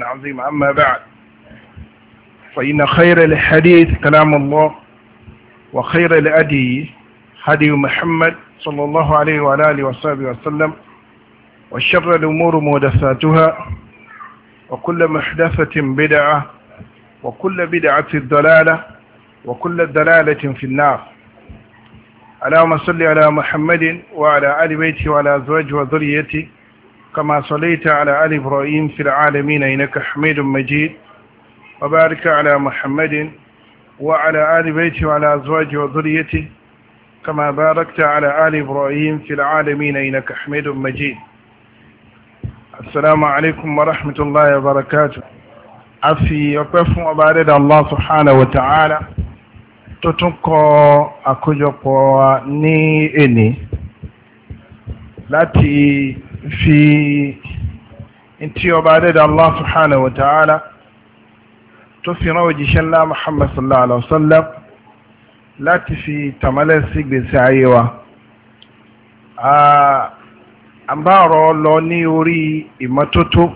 عظيم أما بعد فإن خير الحديث كلام الله وخير الأدي هدي محمد صلى الله عليه وعلى آله وصحبه وسلم وشر الأمور محدثاتها وكل محدثة بدعة وكل بدعة ضلالة وكل ضلالة في النار اللهم صل على محمد وعلى آل بيته وعلى أزواجه وذريته كما صليت على آل إبراهيم في العالمين إنك حميد مجيد وبارك على محمد وعلى آل بيته وعلى أزواجه وذريته كما باركت على آل إبراهيم في العالمين إنك حميد مجيد السلام عليكم ورحمة الله وبركاته أفي يقف وبارد الله سبحانه وتعالى تتنقى أكجقى ني إني láti fi ntí ọba adẹ́dàá Allah subhanahu wa ta'ala tó fi rán òjíṣẹ́ ńlá Muhammad sallallahu alaihi wa sallam láti fi tàmálẹ̀ sí gbèsè ayé wa a bá rọ lọ ní orí ìmọ́tótó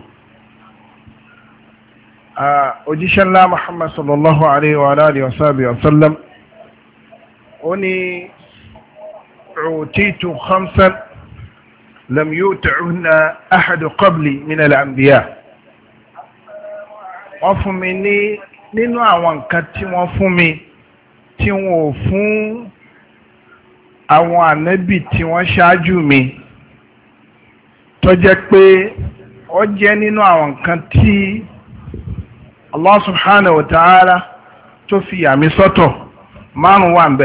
òjíṣẹ́ ńlá Muhammad sallallahu alaihi wa alihi wa sallam ó ní utitu khamsan لم يوتعهن أحد قبلي من الأنبياء وفمني fún mi ní nínú àwọn nǹkan tí wọ́n fún mi tí wọ́n ò fún àwọn ànábì tí wọ́n ṣáájú mi tó jẹ́ pé ó jẹ́ nínú àwọn nǹkan tí Allah subhanahu wa ta'ala tó fi yà mí sọ́tọ̀ márùn-ún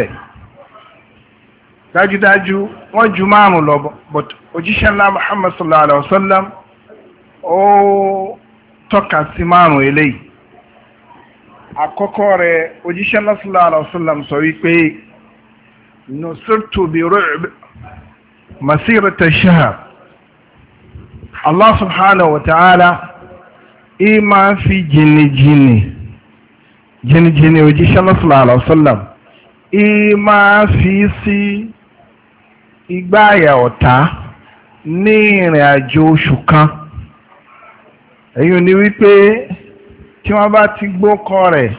dájúdájú wọ́n ju márùn lọ but òjíṣẹ́ ńlá muhammad sallallahu alaihi wasallam ó tọ́ka sí márùn eléyìí àkọ́kọ́ rẹ̀ òjíṣẹ́ ńlá sallallahu alaihi wasallam sọ wípé nusirtu bi ru'b masirata shahr allah subhanahu wa ta'ala ima fi jìnnìjìnnì jìnnìjìnnì òjíṣẹ́ ńlá sallallahu alaihi wasallam ima fi sí. Si igbá àyà ọ̀tá ní ìrìn àjò oṣù kan èyí ni wípé tí wọ́n bá ti gbókọ rẹ̀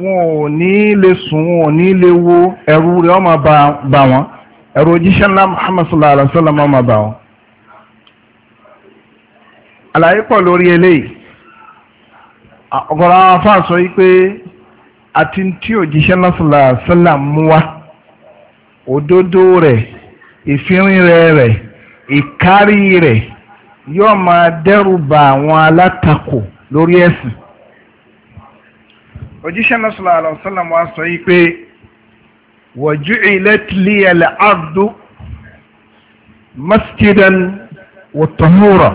wọn ò ní lè sùn wọn ò ní lè wo ẹ̀rù rẹ̀ ọmọ bá wọn ẹ̀rù òjíṣẹ́ ńlá Muhammad sallallahu alaihi wa sallam ọmọ bá wọn. àlàyé pọ̀ lórí eléyìí ọ̀gọ̀rọ̀ àwọn afáà sọ wípé àti tí òjíṣẹ́ ńlá sallallahu alaihi wa sallam mú wa òdodo rẹ̀ ìfirinrẹ̀ rẹ̀ ìkárí rẹ̀ yóò máa dẹ́rù ba àwọn alátakò lórí ẹ̀sìn. òjíṣẹ́ náà sallallahu alaihi wasallam wa sọ yìí pé waju'ilat liya al-ardu masjidan wa tahura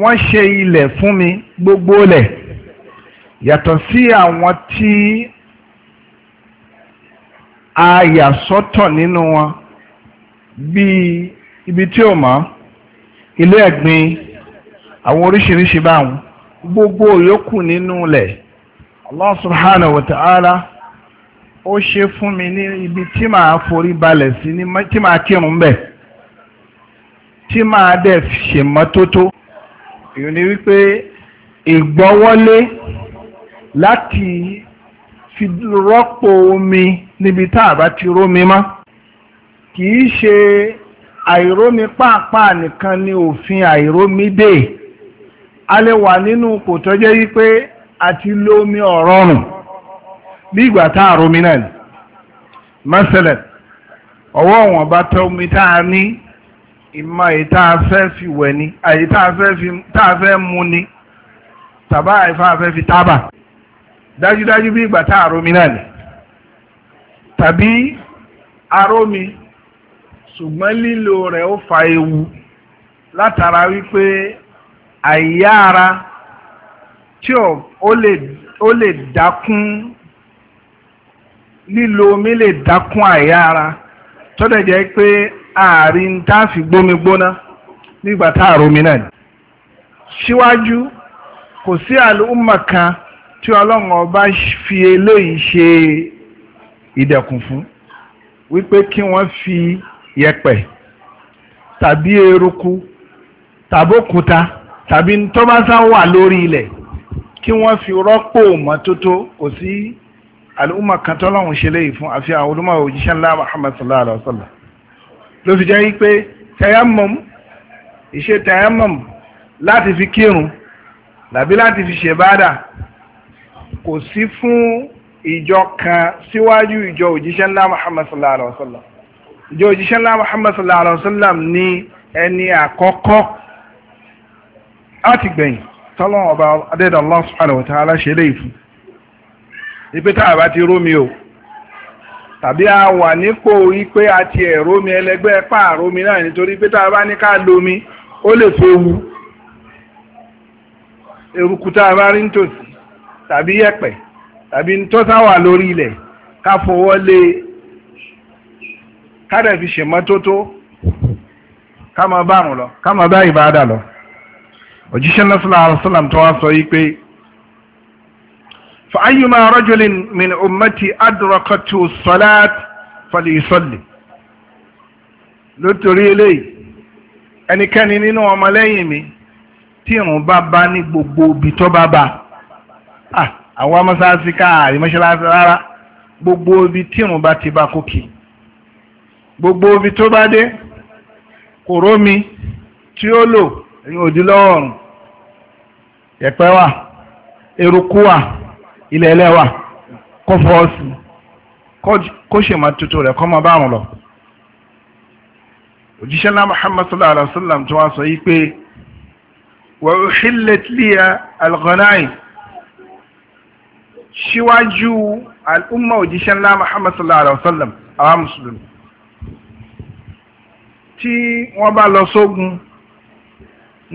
wọ́n ṣe ilẹ̀ fún mi gbogbo lẹ̀ yàtọ̀ sí àwọn tí ààyà sọ́tọ̀ nínú wọn bíi ibi tí ò mọ́ ilé ẹ̀gbin àwọn oríṣiríṣi báwọn gbogbo yòókù nínú ilẹ̀ Allah subhanahu wa ta'ala ó ṣe fún mi ní ibi tí màá forí balẹ̀ sí ní tí màá kírun bẹ̀ tí màá dẹ̀ ṣèmọ́tótó èyí ni wípé ìgbọ́wọ́lé láti fi rọ́pò omi níbi tá a bá ti rómi mọ́ kì í ṣe àìrómi pàápàá nìkan ni òfin àìrómi dè a lè wà nínú kò tọ́jẹ́ wípé àti lómi ọ̀rọ̀rùn bí ìgbà tá a rómi náà ni mẹ́sẹ̀lẹ̀ ọwọ́ wọn bá tọ́ omi tá ní ìmọ̀ èyí tá fẹ́ fi ni tàbá àyè fẹ́ fi tábà. dájúdájú bí ìgbà tá àrómi náà ni tàbí arómi ṣùgbọ́n lílo rẹ̀ ó fa ewu látara wípé àìyára tí ó lè dákún lílo omi lè dákún àìyára tọ́dẹ̀ jẹ́ pé ààrin tá a fi gbómi gbóná nígbà tá àrómi náà ni síwájú kò sí àlùmọ̀ kan. tí ọlọ́run ọba fi eléyìí ṣe ìdẹ̀kùn fún wípé kí wọ́n fi yẹ̀pẹ̀ tàbí eruku tàbókúta tàbí ntọ́básá wà lórí ilẹ̀ kí wọ́n fi rọ́pò mọ́tótó kò sí àlùmọ̀ kan tọ́lọ́run ṣe léyìí fún àfi àwọn olùmọ̀ òjíṣẹ́ ńlá Muhammad sallallahu alaihi wa sallam ló fi jẹ́ wípé tayammum ìṣe tayammum láti fi kírun tàbí láti fi ṣèbádà kò sí fún ìjọ kan síwájú ìjọ òjíṣẹ́ ńlá Muhammad sallallahu alaihi wa sallam ìjọ òjíṣẹ́ ńlá Muhammad sallallahu alaihi wa sallam ní ẹni àkọ́kọ́ láti gbẹ̀yìn tọ́lọ́ ọba adẹ́dàá subhanahu wa ta'ala ṣe fún ti rómi o tàbí a wà nípò wípé a ti ẹ̀rọ elegbe ẹlẹgbẹ́ pààrọ̀ mi náà nítorí aba tá a lomi ó lè fowú eruku tá a tàbí yẹ̀pẹ̀ tàbí tọ́sáwà lórí ilẹ̀ ká fọwọ́ lé kádẹ̀ fi ṣèmọ́tótó ká máa bá àrùn lọ ká máa bá ìbáadà lọ òjíṣẹ́ lọ́sọ́lá àrùsọ́làm tó wá sọ yí pé fa ayyuma rajulin min ummati adrakatu salat falisalli lótorí eléyìí ẹnikẹ́ni nínú ọmọlẹ́yìn mi tí ìrùn bá bá ní gbogbo ibi tó bá bá àwọn mọ́sáàsì káàrí mọ́ṣáláṣí rárá gbogbo ibi tírun bá ti bá kókè gbogbo ibi tó bá dé kò rómi tí ó lò ẹ̀yìn òdìlọ́wọ́ ọ̀run yẹ̀pẹ́ wà eruku wà ilẹ̀ ẹlẹ́ wà kó fọ́ọ̀sì kó ṣe máa tuntun rẹ̀ kó máa bá àrùn lọ òjíṣẹ́ náà Muhammad sallallahu alaihi wa sallam tó wá sọ yí pé wa uhillat liya al-ghanaim síwájú al'umma òjíṣẹ́ ńlá muhammad sallallahu alaihi wasallam àwa mùsùlùmí tí wọ́n bá lọ sógun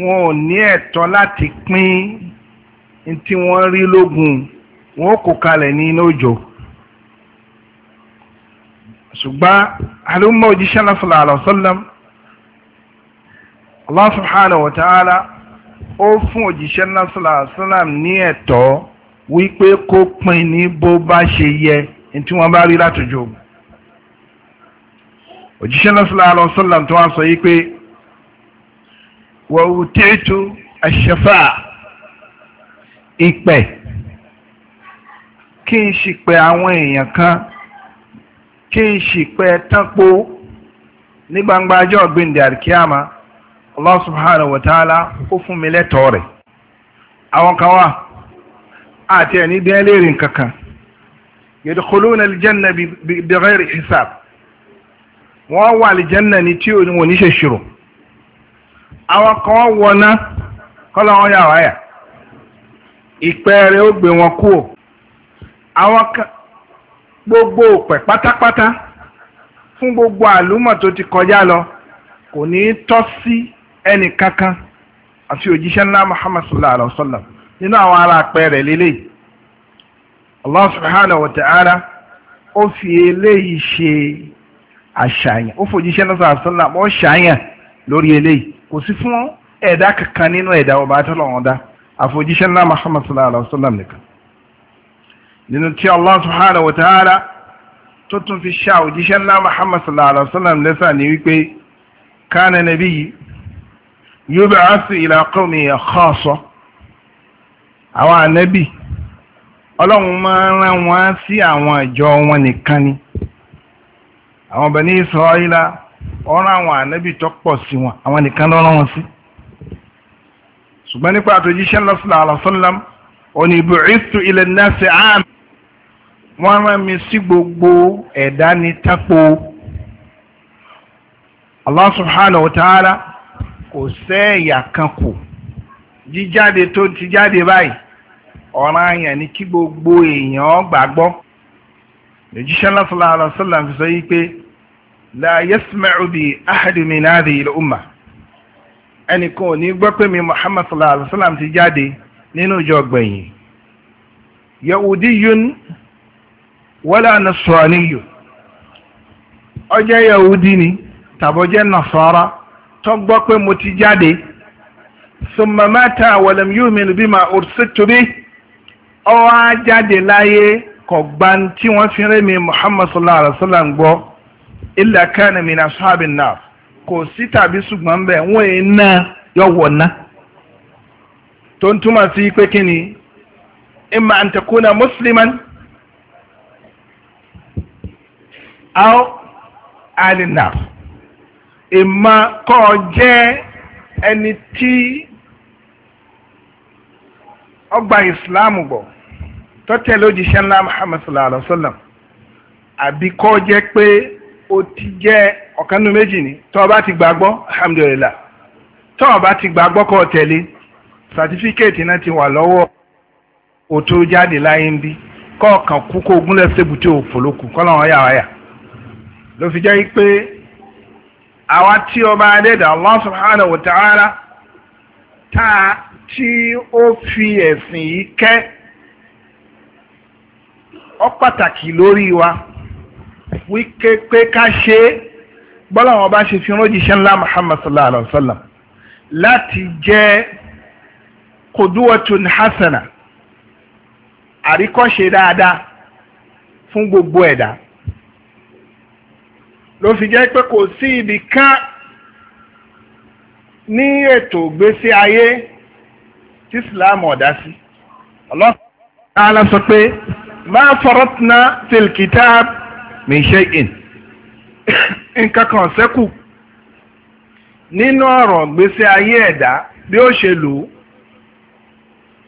wọn ò ní ẹ̀tọ́ láti pín tí wọ́n rí lógun wọn ó kó kalẹ̀ ní inú òjò ṣùgbọ́n al'umma òjíṣẹ́ ńlá sallallahu alaihi wasallam allah subhanahu wa ta'ala ó fún òjíṣẹ́ ńlá sallallahu alaihi ní ẹ̀tọ́ wípé kó pin ní bó bá ṣe yẹ tí wọ́n bá rí látòjò òjíṣẹ́ lọ́sọ̀lá alọ́sọ́là tó wá sọ yí pé wọ́n wù tẹ́tù àṣẹfà ìpẹ́ kí n sì pẹ́ àwọn èèyàn kan kí n sì pẹ́ tánpó ní gbangba ajọ́ gbẹ̀ndẹ̀ ó fún àti ẹni bí ẹlẹ́rìn kankan yadkhuluna aljanna bi ghairi hisab wọ́n wà aljanna ni tí wọ́n ní ṣe ṣirò àwọn kan wọná kọ́lá wọn yà wáyà ìpẹ́ rẹ̀ ó gbé wọn kú ò àwọn kan gbogbo òpẹ̀ pátápátá fún gbogbo àlùmọ̀ tó ti kọjá lọ kò ní tọ́ sí ẹnì kankan àti òjíṣẹ́ ńlá Muhammad sallallahu alaihi wa sallam nínú àwọn ará àpẹẹrẹ lélẹ̀ Allah subhanahu wa ta'ala ó fi eléyìí ṣe àṣàyàn ó fòjíṣẹ́ náà sàásánlá ó ṣàyàn lórí eléyìí kò sí fún ẹ̀dá kankan nínú ẹ̀dá ọba àtọ́lọ́wọ́n dá àfòjíṣẹ́ náà Muhammad sallallahu alaihi wa sallam nìkan nínú tí Allah subhanahu wa ta'ala tó tún fi ṣá òjíṣẹ́ ńlá Muhammad sallallahu alaihi wasallam lẹ́sà ní wípé àwọn ànábì ọlọ́run máa ń rán wọn sí àwọn ìjọ wọn nìkan ni àwọn Bani Israila wọ́n rán àwọn ànábì tó pọ̀ sí wọn àwọn nìkan ló rán wọn sí ṣùgbọ́n nípa àtòjíṣẹ́ lọ́sọ̀lá àlọ́sọ́lám òní bu'ithtu ila nasi am wọ́n rán mi sí gbogbo ẹ̀dá ní tápò Allah subhanahu wa ta'ala kò sẹ́ẹ̀yà kan kù jíjáde tó ti jáde báyìí ọ̀ràn àyàn ni kí gbogbo èèyàn gbàgbọ́ lójíṣẹ́ lọ́sọ̀lá àlọ́sọ̀lá fi sọ yìí pé la yasma'u bi ahadun min hadhihi al-umma ẹnìkan ò ní gbọ́ pé mi Muhammad sọ̀lá àlọ́sọ̀lá ti jáde nínú ìjọ gbẹ̀yìn yahudiyun wala nasraniyun ọjẹ́ yahudi ni tàbọ̀jẹ́ nasara tó gbọ́ pé mo ti jáde summa mata wa lam yu'min bima ursiltu bihi. ó wá jáde láyé kọ̀gbá tí wọ́n fi rémi muhammad sallallahu alaihi wa sallam gbọ́ Ila kanami na ashabin nar kò sí tàbí ṣùgbọ́n bẹ́ẹ̀ wọ́n yìí ná yọ wọ̀ ná tó ń túmọ̀ sí pé kí ni imma an takuna musliman aw alinna ìmọ̀ kọ́ jẹ́ ẹni tí ó ìsìláàmù gbọ́ tọ́tẹ̀ lójíṣẹ́ ńlá Muhammad sallallahu alayhi wa sallam àbí kọ́ jẹ́ pé ó ti jẹ́ ọ̀kanú méjì ni tọ́ ọ bá ti gbàgbọ́ alhamdulillah tọ́ ọ bá ti gbàgbọ́ kọ́ ọ tẹ̀lé sàtífíkẹ́ẹ̀tì náà ti wà lọ́wọ́ ó tó jáde láyé ń bí kọ́ ọ̀kan kú kó gúnlẹ̀ sébùté òfòlókù kọ́ làwọn yà wáyà ló fi jẹ́ pé àwa tí ọba adẹ́dà Allah subhanahu wa ta'ala tá tí ó fi ẹ̀sìn yìí kẹ́ ọ pàtàkì lórí wa wíké pé ká ṣe bọ́lá wọn bá ṣe fi ránjíṣẹ́ ńlá Muhammad sallallahu alayhi wa sallam láti jẹ́ kòdúwọ̀tún hasana àríkọ́ṣe dáadáa fún gbogbo ẹ̀dá ló fi jẹ́ pé kò sí ibì kan ní ètò ìgbésí ayé tí Islam ọ̀dá sí Allah ta'ala sọ pé ma fọrọtna fil kitab min shay'in nǹkan kan sẹ́kù nínú ọ̀rọ̀ gbèsè ayé ẹ̀dá bí ó ṣe lò ó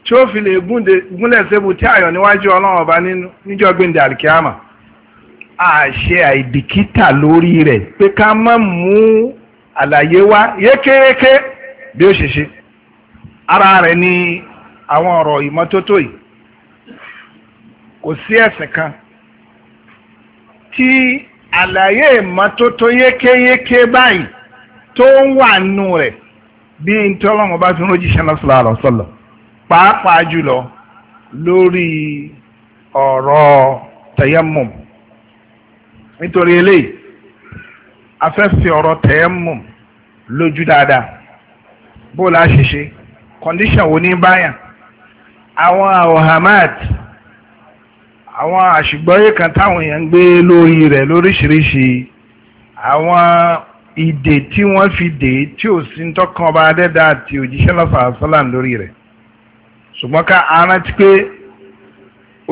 tí ó fi lè gúnlẹ̀ sébù tí àyọ̀ níwájú ọlọ́run ọba níjọ́ gbẹ̀ndẹ̀ àlìkíámà àṣẹ àìbìkítà lórí rẹ̀ pé ká má mú àlàyé wá yékéyéké bí ó ṣe ṣe ara rẹ̀ ni àwọn ọ̀rọ̀ ìmọ́tótó yìí kò sí ẹ̀sìn kan tí àlàyé ìmọ́tótó yékéyéké báyìí tó ń wà nù rẹ̀ bí n tí ọlọ́run bá tún rójì ṣẹlẹ̀ sọ̀rọ̀ àrọ̀ sọ̀lọ̀ pàápàá jùlọ lórí ọ̀rọ̀ tayammum nítorí eléyìí afẹ́fẹ́ ọ̀rọ̀ tayammum lójú dáadáa bó la ṣe ṣe condition wo ní báyà àwọn awahamat àwọn àṣìgbọ́yé kan táwọn èèyàn ń gbé lórí rẹ̀ lóríṣiríṣi àwọn ìdè tí wọ́n fi dè tí ò sí tọ́kan ọba adẹ́dá àti òjíṣẹ́ lọ́sàn àṣọ́làm lórí rẹ̀ ṣùgbọ́n ká arántí pé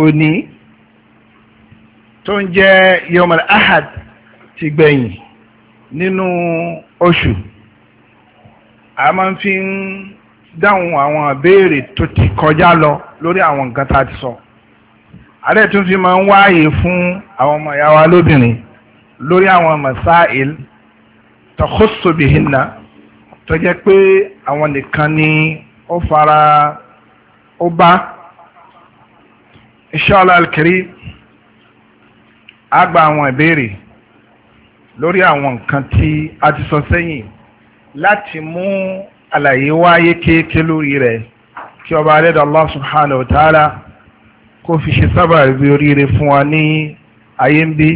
òní tó ń jẹ́ yọmọ ahad ti gbẹ̀yìn nínú oṣù a máa ń fi ń dáhùn àwọn àbéèrè tó ti kọjá lọ lórí àwọn nǹkan tá a ti sọ. So ààrẹ tún fi máa ń wáyè fún àwọn ọmọ ìyá wa lóbìnrin lórí àwọn masáìl tọkọsọbìhìnà tó jẹ́ pé àwọn nìkan ni ó fara ó bá inshallah alkarim a gba àwọn ìbéèrè lórí àwọn nǹkan tí a ti sọ sẹ́yìn láti mú àlàyé wáyé kéèké lórí rẹ̀ kí ọba alẹ́dàá Allah subhanahu wa ta'ala kó fi ṣe sábà rí oríire fún wa ní ayé ń bí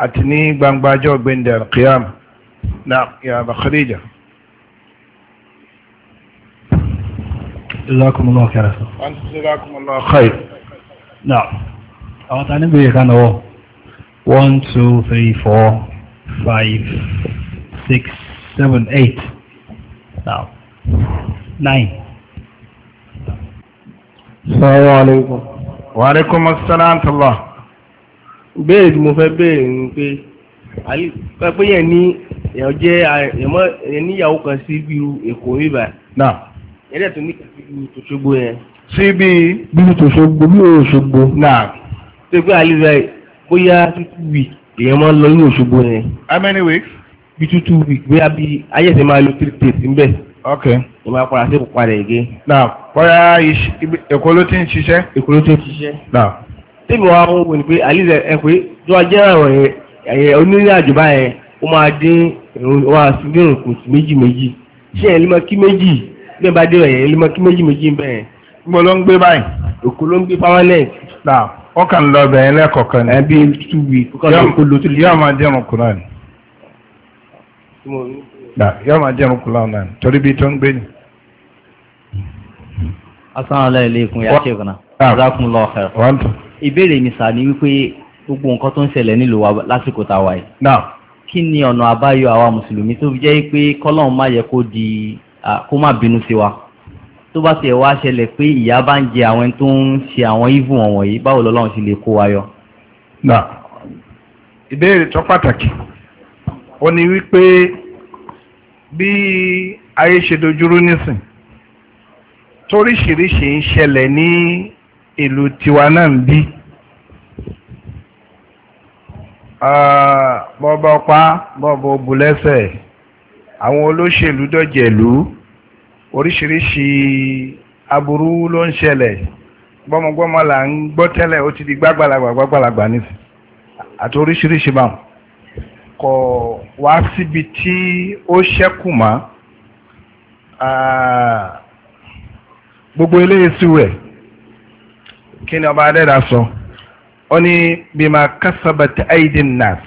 àti ní gbangba ajọ́ gbẹ̀ndẹ̀ alqiyam na yàrá Khadija. Jazakumullahu khairan. Jazakumullahu khairan. na àwọn ta ní bèrè kan lọ́wọ́ one two three four five six seven eight now nine. Assalamu alaikum. Wa alaikum assalam tọ́lọ̀. Béèrè tí mo fẹ́ béèrè ni pé, pẹ́pẹ́ yẹn ní èèyàn jẹ́ èèyàn níyàwó kan sí bí Èkó rìbà. Náà. Yẹn dẹ̀ tó ní kàfí bí Tòṣogbo yẹn. Sí bí. Bí Tòṣogbo bí Òṣogbo. Náà. Tó pé àlejò ẹ̀ bóyá tútù wì èèyàn máa ń lọ ní Òṣogbo yẹn. How many weeks? Bí tútù wì bóyá bí ayẹ̀sẹ̀ máa lo three days níbẹ̀ ok tó bá padà sí padà ègé. na bóyá èkó ló ti ń ṣiṣẹ́. èkó ló ti ń ṣiṣẹ́. na tèmi wàá ń wò pé àlìzẹ ẹ tó a jẹ́ àwọn ẹ̀yẹ onírìn àjò báyẹn ó máa dín ìrún ó máa sí dín ìrùkù méjì méjì ṣé ẹ̀ lima kí méjì bẹ́ẹ̀ bá dé ẹ̀yẹ lima kí méjì méjì bẹ́ẹ̀. mo ló ń gbé báyìí. èkó ló ń gbé permanent. na wọ́n kàn lọ bẹ̀rẹ̀ lẹ́kọ̀ọ̀kan ni. ẹbí two weeks. yóò máa dín ìrùkù náà yóò máa jẹun kúlọ̀ ọ̀nà torí bí tó ń gbé ni. asánàlá ilé ikun ya ṣe ìbùnà ọ̀dákun lọ ọ̀hẹ́rọ̀ ìbéèrè mi sà ni wípé gbogbo nǹkan tó ń ṣẹlẹ̀ nílùú wa lásìkò tá a wà yìí kí ni ọ̀nà àbáyọ àwa mùsùlùmí tó jẹ́ pé kọ́lọ́run má yẹ kó di kó má bínú sí wa tó bá tiẹ̀ wá ṣẹlẹ̀ pé ìyá bá ń jẹ àwọn tó ń ṣe àwọn ìvù wọ̀nyí báwo lọ́lọ́run ti lè kó wa yọ. ìbéèrè tó pàtàkì ó ní wípé bí ayé ṣe dojúrú nísìn toríṣiríṣi ń ṣẹlẹ̀ ní ìlú tiwa náà ń bí bọ́bọ́ ah, pa bọ́bọ́ bulẹ́sẹ̀ àwọn olóṣèlú dọ̀jẹ̀lú oríṣiríṣi aburú ló ń ṣẹlẹ̀ gbọ́mọgbọ́mọ là ń gbọ́ tẹ́lẹ̀ ó ti di gbàgbàlagbà gbàgbàlagbà nísìn àti oríṣiríṣi báwọn kò wá síbi tí ó ṣẹ́kù mọ́ gbogbo eléyìí sí rẹ̀ kí ni ọba adẹ́dà sọ ó ní bima kásábàtì aidin nas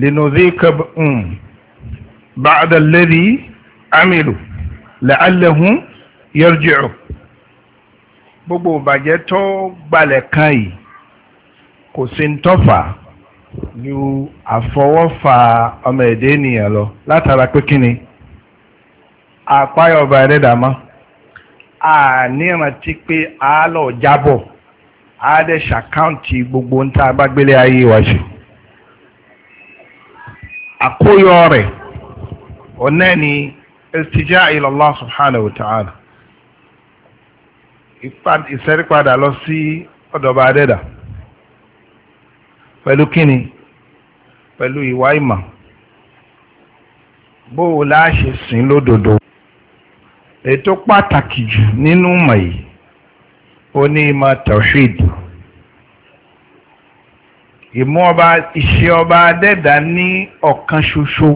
linudhika mm, ba'da alladhi amilu la'allahum yarji'u gbogbo ìbàjẹ́ tó gbalẹ̀ kan yìí kò sí ń tọ́fà ju àfọwọ́fà ọmọ èdè ènìyàn lọ látara pé kí ni àpáyọ̀ ọba ẹ̀dẹ́dàmọ́ ànírántí pé àálọ̀ jábọ̀ àádẹ́ ṣàkáǹtì gbogbo ń tá a bá gbélé ayé wa ṣe àkóyọ rẹ̀ ọ̀nà ni ìtìjà ila Allah subhanahu wa ta'ala ìsẹ́rípadà lọ sí ọ̀dọ̀ ọba ẹ̀dẹ́dàmọ́ pẹ̀lú kíni pẹ̀lú ìwà ìmọ̀ bó o láṣẹ sìn lódodo ètò pàtàkì jù nínú ìmọ̀ yìí ó ní ìmọ̀ tawhid ìmú ọba ìṣe ọba adẹ́dà ní ọ̀kan ṣoṣo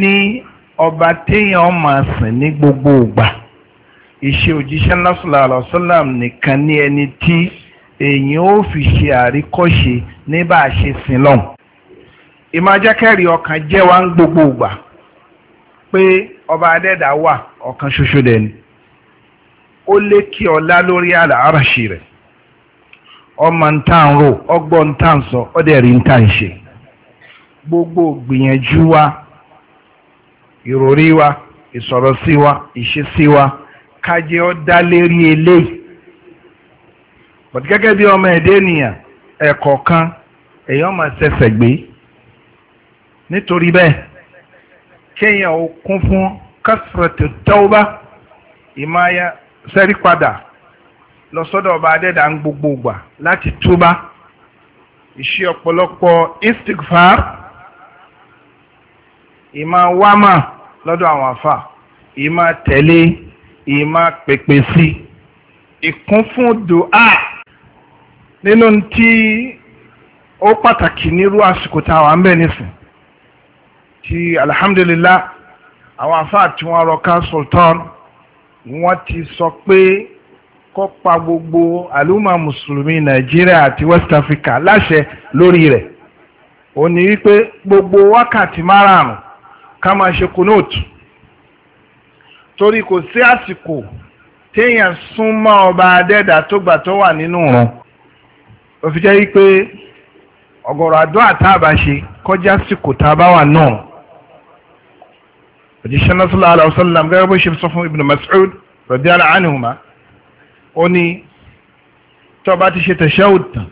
ní ọba téèyàn máa sìn ní gbogbo ìgbà ìṣe òjíṣẹ́ sallallahu alaihi nìkan ní ẹni tí èyí ó fi ṣe àríkọ́ṣe ní bá a ṣe sin lọ́hùn ìmájẹ́kẹ́rì ọkàn jẹ́ wa ń gbogbo ìgbà pé ọba adẹ́dà wà ṣoṣo ni O lékè ọlá lórí àràṣì rẹ̀ ọmọ ń tà rò ọgbọ́n ń tà sọ ọdẹ rí ń tà gbogbo gbìyànjú wa ìròrí wa ìsọ̀rọ̀ sí wa ọ dá lérí bọ̀dé gẹ́gẹ́ bí ọmọ ẹ̀dẹ́ ènìyàn ẹ̀kọ́ kan èèyàn máa ṣẹ̀ṣẹ̀ gbé nítorí bẹ́ẹ̀ kéèyàn ó kún fún kásìrètò tẹ́wọ́bá ìmáyà sẹ́rí padà lọ sọ́dọ̀ ọba adẹ́dà ń gbogbo gbà láti túbá ìṣe ọ̀pọ̀lọpọ̀ istigfar ìmá wámà lọ́dọ̀ àwọn àfà ìmá tẹ̀lé ìmá pèpè sí ìkún fún dùá nínú tí ó pàtàkì nírú àsìkò tá a wà ń bẹ̀ nísìn tí alhamdulillah àwọn afáà tí wọ́n rọ ká sultan wọ́n ti sọ pé kọ́pa gbogbo àlùmà mùsùlùmí nàìjíríà àti west africa láṣẹ lórí rẹ̀ ó ní wípé gbogbo wákàtí márààrún ká máa ṣe kùnóòtù torí kò sí àsìkò téèyàn súnmọ́ ọba adẹ́dà tó gbà tó wà nínú run ó fi jẹ́ pé ọ̀gọ̀rọ̀ àdúrà tá a bá ṣe kọjá sí kò tá a bá wà náà òjíṣẹ́ náà sallallahu alaihi wasallam gẹ́gẹ́ bó ṣe sọ fún Ibn Mas'ud radiyallahu anhuma ó ní tó o bá ti ṣe tashahhud tán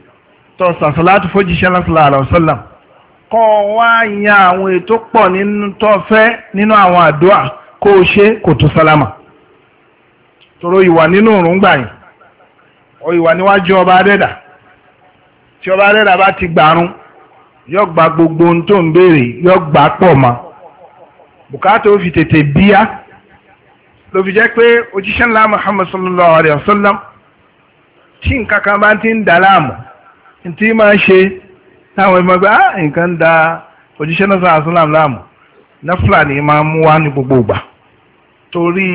tó o sàṣàlátù fójíṣẹ́ náà sallallahu alaihi wasallam kọ́ wá yan àwọn ètò pọ̀ nínú tó o fẹ́ nínú àwọn àdúrà kó o ṣe kò tó sálámà tòrò ìwà nínú òrùngbà yìí ìwà níwájú ọba adẹ́dàá tí ọba rẹ́ra bá ti gbàrún yóò gba gbogbo ohun tó ń béèrè yóò gbà pọ̀ mọ́ bùkátà ó fi tètè bíyá ló fi jẹ́ pé òjíṣẹ́ ńlá Muhammad sallallahu alayhi wa sallam tí nǹkan kan bá ti ń dà láàmú tí máa ń ṣe táwọn ẹgbẹ́ gbé ah, nǹkan da òjíṣẹ́ náà sallallahu alayhi wa sallam láàmú náà fúlàní máa ń mú wá ní gbogbo ìgbà torí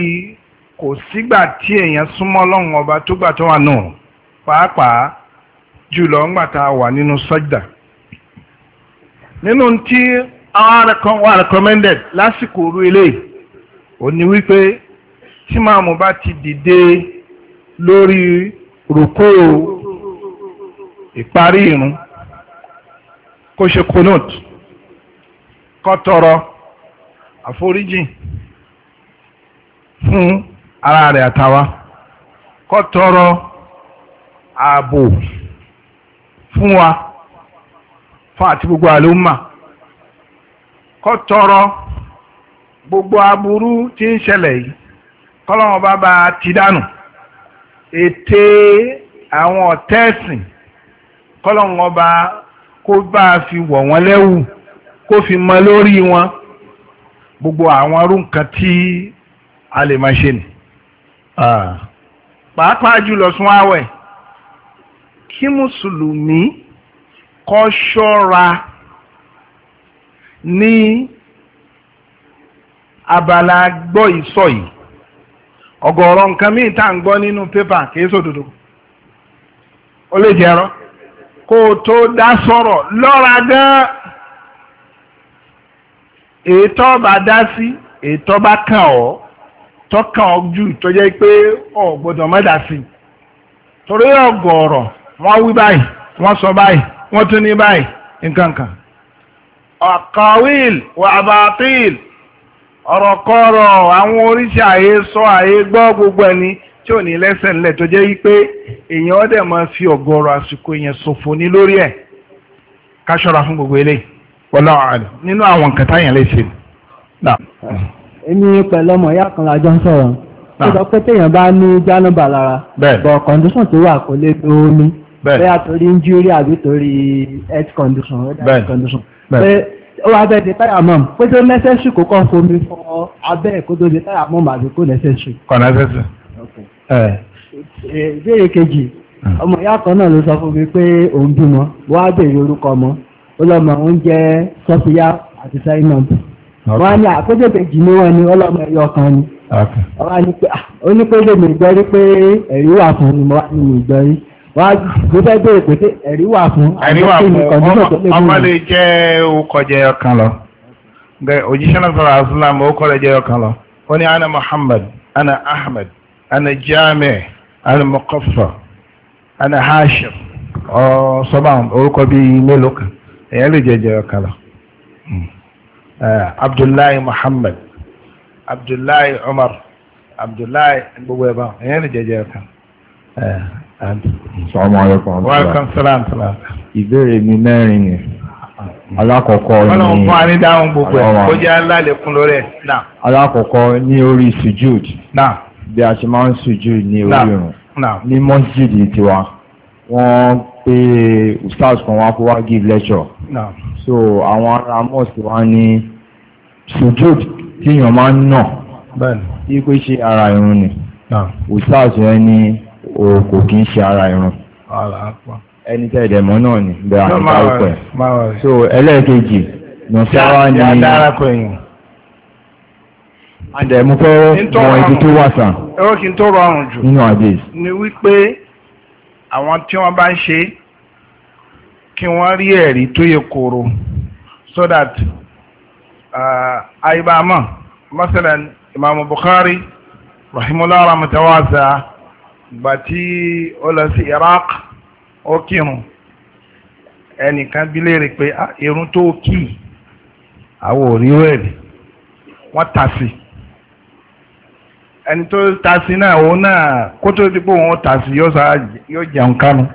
kò sígbà tí èèyàn súnmọ́ Ọlọ́run ọba tó gbà tó wà náà pàápàá jùlọ ń gbàtà wà nínú sọ́jà nínú tí wà recommended lásìkò orú eléyìí ò ní wípé tí màmú bá ti dìde lórí rúkó ìparí irun kó ṣe kunut kó àforíjì fún ara rẹ̀ àtàwa kó ààbò fún wa fún àti gbogbo àlómà kó tọrọ gbogbo aburú tí ń ṣẹlẹ̀ yìí kọ́lọ́wọ́n bá bá ti dànù ète àwọn ọ̀tẹ́ẹ̀sìn kọ́lọ́wọ́n bá kó bá fi wọ̀ wọ́n lẹ́wù kó fi mọ lórí wọn gbogbo àwọn arúnkan tí a lè máa ṣe nì ah. pàápàá jùlọ sún àwẹ̀ kí mùsùlùmí kọ́ ṣọ́ra ní abala gbọ́ ìsọ yìí ọ̀gọ̀ọ̀rọ̀ nǹkan míì tá à ń gbọ́ nínú pépà kìí sòdodo ó lè jẹ́rọ kó o tó dá sọ̀rọ̀ lọ́ra gan ètò ọba dá sí ètò ọba kàn ọ́ ọ́ jù tó jẹ́ pé ọ̀ gbọ́dọ̀ dá torí ọ̀gọ̀ọ̀rọ̀ wọ́n wí báyìí wọ́n sọ báyìí wọ́n tún ní báyìí nǹkan kan. ọ̀kọ̀wìl wà bàtíl ọ̀rọ̀ kọ́rọ̀ àwọn oríṣi àyè sọ àyè gbọ́ gbogbo ẹni tí ò ní lẹ́sẹ̀ ńlẹ̀ tó jẹ́ wípé èèyàn ọ̀dẹ̀ máa fi ọ̀gọ̀rọ̀ àsìkò èèyàn ṣòfò ní lórí ẹ̀ ká ṣọ́ra fún gbogbo eléyìí wọlé ọ̀rẹ́ nínú àwọn nǹkan táyàn lè ṣe. èmi pẹ̀lú ọmọ ìyá kan lájọ ń sọ̀rọ̀ ó sọ pé téèyàn bá ní jánúbà lára bọ̀ kọ̀ǹdíṣàn tó wà kò lè lo omi bẹ́ẹ̀ torí injury àbí torí health condition health condition pé ó wá bẹ́ẹ̀ di táyà mọ́m pé tó necessary kó kọ́ fomi fọ abẹ́ ẹ̀ kó tó di táyà mọ́m àbí kó necessary. kò necessary. ìbéèrè kejì hmm. ọmọ ìyá kan náà ló sọ fún mi pé òun bímọ wọ́n á béèrè orúkọ ọmọ ó lọ́mọ oúnjẹ sọ́fìyà àti sáyẹ́nọ̀tì wọ́n ní àkójọpẹ̀jì ní wọ́n ní ọlọ́mọ ẹ̀yọ kan ni wọ́n ní pé ah, ó ní pé lèmi ìgbọ́rí pé ẹ̀rí wà fún mi wọ́n ní ìgbọ́rí wá mo fẹ́ bèèrè pé ṣé ẹ̀rí wà fún ọmọ lè jẹ́ okọ̀ jẹ́ ọkàn lọ òjíṣẹ́ náà sọ̀rọ̀ ana Muhammad ana Ahmed ana Jami ana Muqaffa ana Hashim ọ̀sọ́bà orúkọ bíi mélòó kan èèyàn lè jẹ́ jẹ́ ọkàn lọ hmm. Abdullahi Muhammad Abdullahi Umar Abdullahi gbogbo ẹ̀bá èèyàn lè jẹ́ jẹ́ Assalamu alaikum. Wa alaikum salam salam. Ìbéèrè mi mẹ́rin ni. Alákọ̀ọ́kọ́ ni. Ọlọ́run fún àní dáhùn gbogbo ẹ̀. Ó jẹ́ alálẹ̀kùn lórí ẹ̀. Alákọ̀ọ́kọ́ ní orí sujud. Bí a ṣe máa ń sujud ní orí irun. Ní mọ́sídìí tiwa. Wọ́n pé Ustaz kan wá kó wá give lecture. So àwọn ará mọ́ọ̀sì wa ní sujud tíyàn máa ń nà. Bẹ́ẹ̀ni. Ipe ṣe ara irun ni. Ustaz yẹn ní. kò kí ń ṣe ara irun ẹni tẹ́ ìdẹ̀mọ́ náà ni bẹ́ẹ̀ àti àìpẹ́ so ẹlẹ́ẹ̀kejì nọ̀sára ni àdẹ̀ mú fẹ́ mọ ibi tó wà sàn ẹ̀rọ kí n tó rọrùn jù nínú àdé ni wípé àwọn tí wọ́n bá ń ṣe kí wọ́n rí ẹ̀rí tó yẹ kóró so that àyíbámọ̀ mọ́sálẹ̀ Imam Bukhari rahimahullah rahmatawasa ìgbà tí ó lọ sí Iraq ó kírun ẹnìkan bí léèrè pé ah, irun tó kì í àwọn ò rí wẹ̀rì wọ́n ta sí ẹni tó ta sí náà òun náà kó tó pé òun ta sí yóò jẹun kánú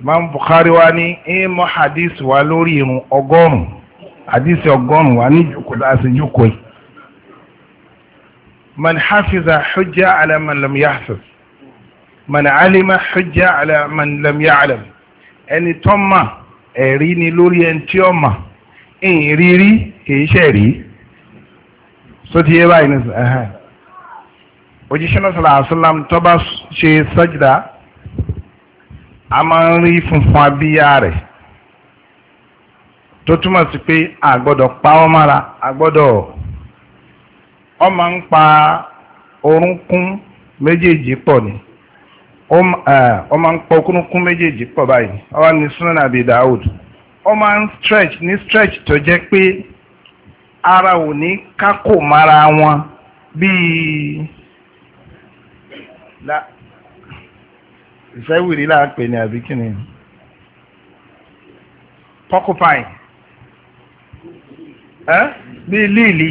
Imam Bukhari wa ní ìmọ̀ hadith wa lórí irun ọgọ́rùn-ún hadith ọgọ́rùn-ún wa ní ìjókòó láti jókòó yìí man hafiza hujja ala man lam yahfiz man alima hujja ala man lam ya'lam ẹni tó mà ẹ̀rí ni lórí ẹni tí ó mà ẹ̀yìn rírí kìí ṣe rí sóti yé báyìí nìsín òjíṣẹ́ náà sọ̀rọ̀ àṣìlám tó ṣe sọ́jìdá a máa ń rí funfun abíyá rẹ̀ tó túmọ̀ sí pé a pa ọ́ mára a ọ máa ń pa orúnkún méjèèjì pọ̀ ni. ó máa ń pọ kúnkún méjèèjì pọ̀ báyìí ó wà ní Sunan Abi Dawud ó máa ń stretch ní stretch tó jẹ́ pé ara ò ní kákò mára wọn bíi ìfẹ́wìrì láàpẹ̀ ní àbí porcupine ẹ́ bí líìlì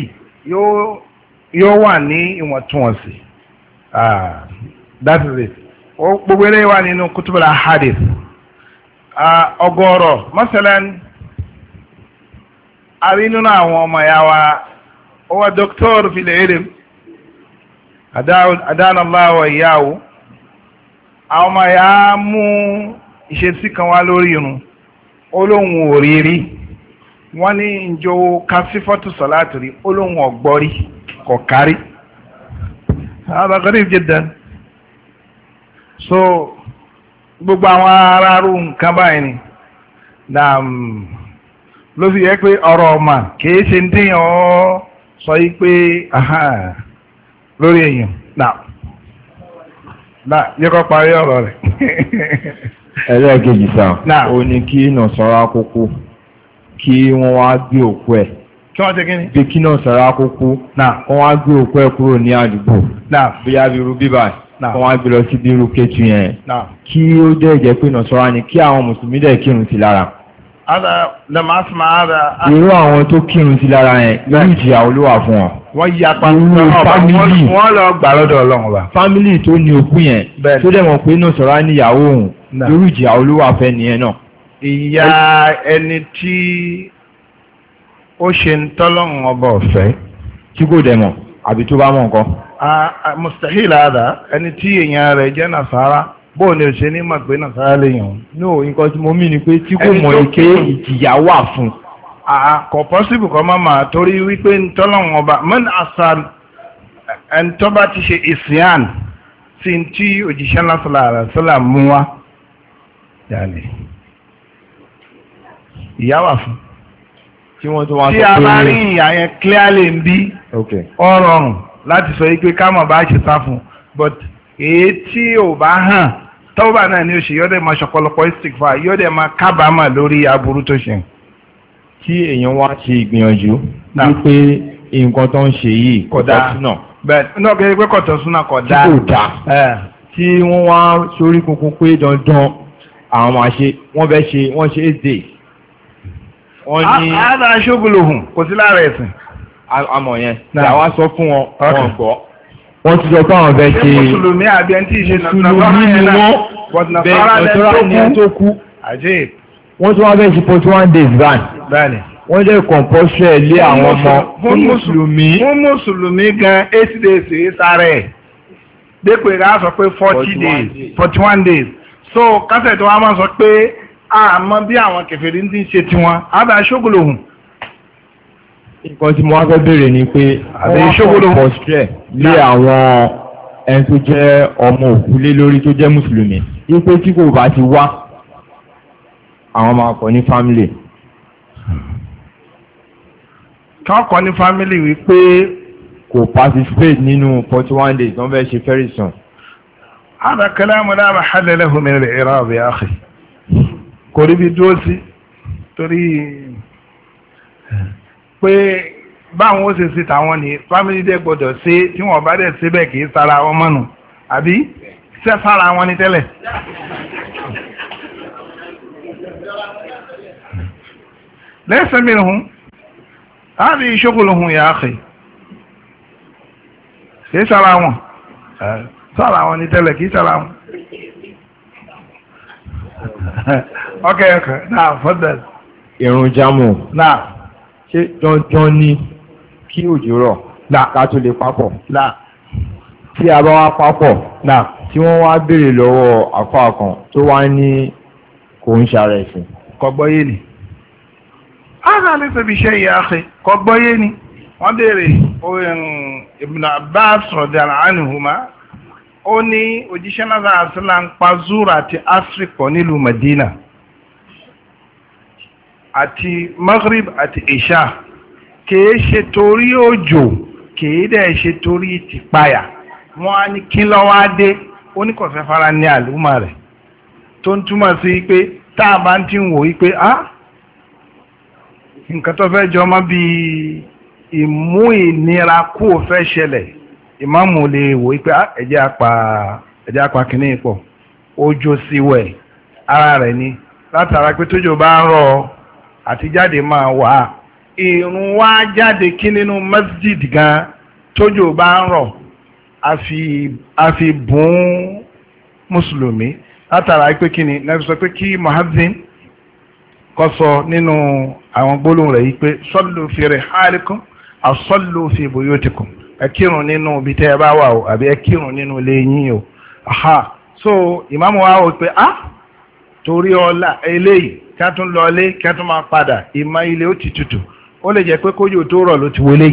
yóò wà ní ìwọ̀ntúnwọ̀nsì ah that is it. gbogbo eré wà nínú kutubula hadith ọgọ́rọ̀ masalan àrí nínú àwọn ọmọ ya wa ó wá dókítọ́rù filẹ̀ ilim adánàláwọ̀ ìyáwó àwọn ọmọ ya mú ìṣesí kan wá lórí irun olóhùn òrírí wọ́n ní ìjọ kásífọ́tù sọ̀láàtì rí olóhùn ọ̀gbọ́rí kọ̀kárí. so gbogbo àwọn aráàlú nǹkan báyìí ni ló fi yẹ pé ọ̀rọ̀ ọ̀mà kìí ṣe ń sọ yí pé lórí èèyàn na na yẹ parí ọ̀rọ̀ rẹ̀. ẹlẹ́ẹ̀kejì sá ó ní kí nọ̀sọ́rọ́ àkókò kí wọ́n wá gbé òkú ẹ̀ kí wọ́n ti kí ni. bí kí wọ́n wọ́n wá gbèrọ sí dírú kéjù yẹn kí ó jẹ́ ìjẹ́ pé nọ̀sọ́rá ni kí àwọn mùsùlùmí dẹ̀ kírun sí lára irú àwọn tó kírun sí lára yẹn lórí ìjìyà olówà fún wọn wọ́n yí apá wọ́n lọ gbà lọ́dọ̀ ọlọ́run wa fámílì tó ní òkú yẹn tó dẹ̀ mọ̀ pé nọ̀sọ́rá níyàwó òun lórí ìjìyà olówà fẹ́ nìyẹn náà ìyá ẹni tí ó ṣe ń tọ́lọ́run ọba ọ̀fẹ́ tí kò dẹ̀ mọ̀ àbí tó bá mọ̀ nǹkan mustahil ada ẹni tí èèyàn rẹ̀ jẹ́ nàṣàrà bóò ni òṣèlú mọ̀ pé nàṣàrà lè yàn. ní òun nǹkan tí mo mí ni pé tí kò mọ̀ èké ìjìyà wà fún. kò pọ́sibù kọ́ máa mà torí wípé ntọ́lọ́wọ́n ọba mọ́n àṣà ẹ̀ńtọ́ba ti ṣe ìsìán sí ti òjìṣẹ́ lásìlá rẹ̀ sílà mú wa. ìyá wà fún tí wọ́n tó wá sọ pé tí a bá rí ìyá yẹn clearly ń bí ọrọrùn láti sọ wípé kámọ̀ bá ṣe sá fún but èyí tí ò bá hàn tọ́wọ́bà náà ni ó ṣe yọ́dẹ̀ máa ṣọ̀pọ̀lọpọ̀ istikfa yọ́dẹ̀ máa kábàámà lórí aburú tó ṣe. kí èèyàn wá ṣe ìgbìyànjú wípé nǹkan tó ń ṣe yìí kọ̀tọ̀ súnà. bẹ́ẹ̀ náà kẹ́kẹ́ pé kọ̀tọ̀ súnà kọ̀ dáa. tí kò dáa tí wọ́n wá sórí kunkun pé dandan àwọn máa ṣe wọ́n ṣe wọ́n ṣe é dè. wọ́n ní. àádọ́ aṣọ́gbọ̀lòhùn kò sí lára ẹ̀sìn amọ̀ yẹn tí àwa sọ fún wọn wọn gbọ́. wọ́n ti sọ pé àwọn fẹ́ ṣe mùsùlùmí àbí ẹni tí ì ṣe mùsùlùmí ni wọ́n bẹ́ẹ̀ ọ̀tọ́ra tó kú wọ́n tún wá fẹ́ ṣe forty one days ban wọ́n jẹ́ compulsory lé àwọn ọmọ fún mùsùlùmí fún mùsùlùmí gan eight days èyí sára ẹ̀ dépò ìdá sọ pé forty days forty one days so kásẹ̀ tí wọ́n á máa sọ pé àmọ́ bí àwọn kẹfẹ́rí ti ń ṣe tiwọn àbá ṣógùlò nǹkan tí mo wá fẹ́ béèrè ni pé àwọn akọ̀ọ̀kọ̀ strẹ̀ lé àwọn ẹni tó jẹ́ ọmọ òkú lé lórí tó jẹ́ mùsùlùmí wípé tí kò bá ti wá àwọn máa kọ̀ ní fámìlì. káàkọ́ ní fámìlì wípé kò participate nínú forty one days wọ́n fẹ́ ṣe fẹ́rì sàn. هذا كلام لا محل له من الإعراب يا أخي قريب دوسي تري pé báwọn ó ṣe ṣe tàwọn ní family dẹ gbọdọ̀ ṣe tí wọ́n bá dẹ̀ síbẹ̀ kì í sara wọn mọ́nu àbí ṣẹ́ sára wọn ní tẹ́lẹ̀. lẹ́sẹ̀ mi hùn láti ìṣókòlò hùn yà á kì kì í sara wọn sara wọn ní tẹ́lẹ̀ kì í sara wọn. ok ok now further. irun jamu. now ṣé dandan ni kí òjò rọ̀ ká tó lè papọ̀ tí a bá wá papọ̀ tí wọ́n wá béèrè lọ́wọ́ àfáà kan tó wá ní kò ń ṣàrẹ̀ ẹ̀sìn kọgbọ́yé ni ága ní tẹ̀bí iṣẹ́ ìyá àṣẹ kọgbọ́yé ni wọ́n béèrè Ibn Abbas radiyallahu anhuma ó ní òjíṣẹ́ náà àṣìlá ń pa zúrà àti asrikọ̀ nílùú Madina àti maghrib àti isha kìí ṣe torí òjò kìí dẹ̀ ṣe torí tìpayà wọ́n á ní kí lọ́wọ́ á dé oníkọ̀fẹ́ fara ní àlùmọ́ rẹ̀ tó ń túmọ̀ sí pé tá a bá ń ti wò wípé á nǹkan tó fẹ́ jọmọ́ bí ìmú ìnira kú ò fẹ́ ṣẹlẹ̀ ìmáàmù lè wò ẹ̀jẹ̀ apá kìíní pọ̀ sí wẹ̀ ara rẹ̀ ni látara pé tójò bá ń rọ̀ ọ́. àti jáde máa wà á ìrun wá jáde kí nínú masjid gan tójò bá ń rọ̀ a fi bùn mùsùlùmí látara pé kí ni láti sọ pé kí muhazzin kọ́ sọ nínú àwọn gbólóhùn rẹ̀ yìí pé sallu fi rihalikum aw sallu fi buyutikum ẹ nínú ibi tẹ́ ẹ bá wà o àbí ẹ nínú ilé yín o so ìmáàmù wa wò pé ah torí ọlá eléyìí kí a tún lọlé a máa padà ìmọ̀ ilé ó ti tutù ó lè jẹ́ pé kójò tó rọ̀ ló ti wọlé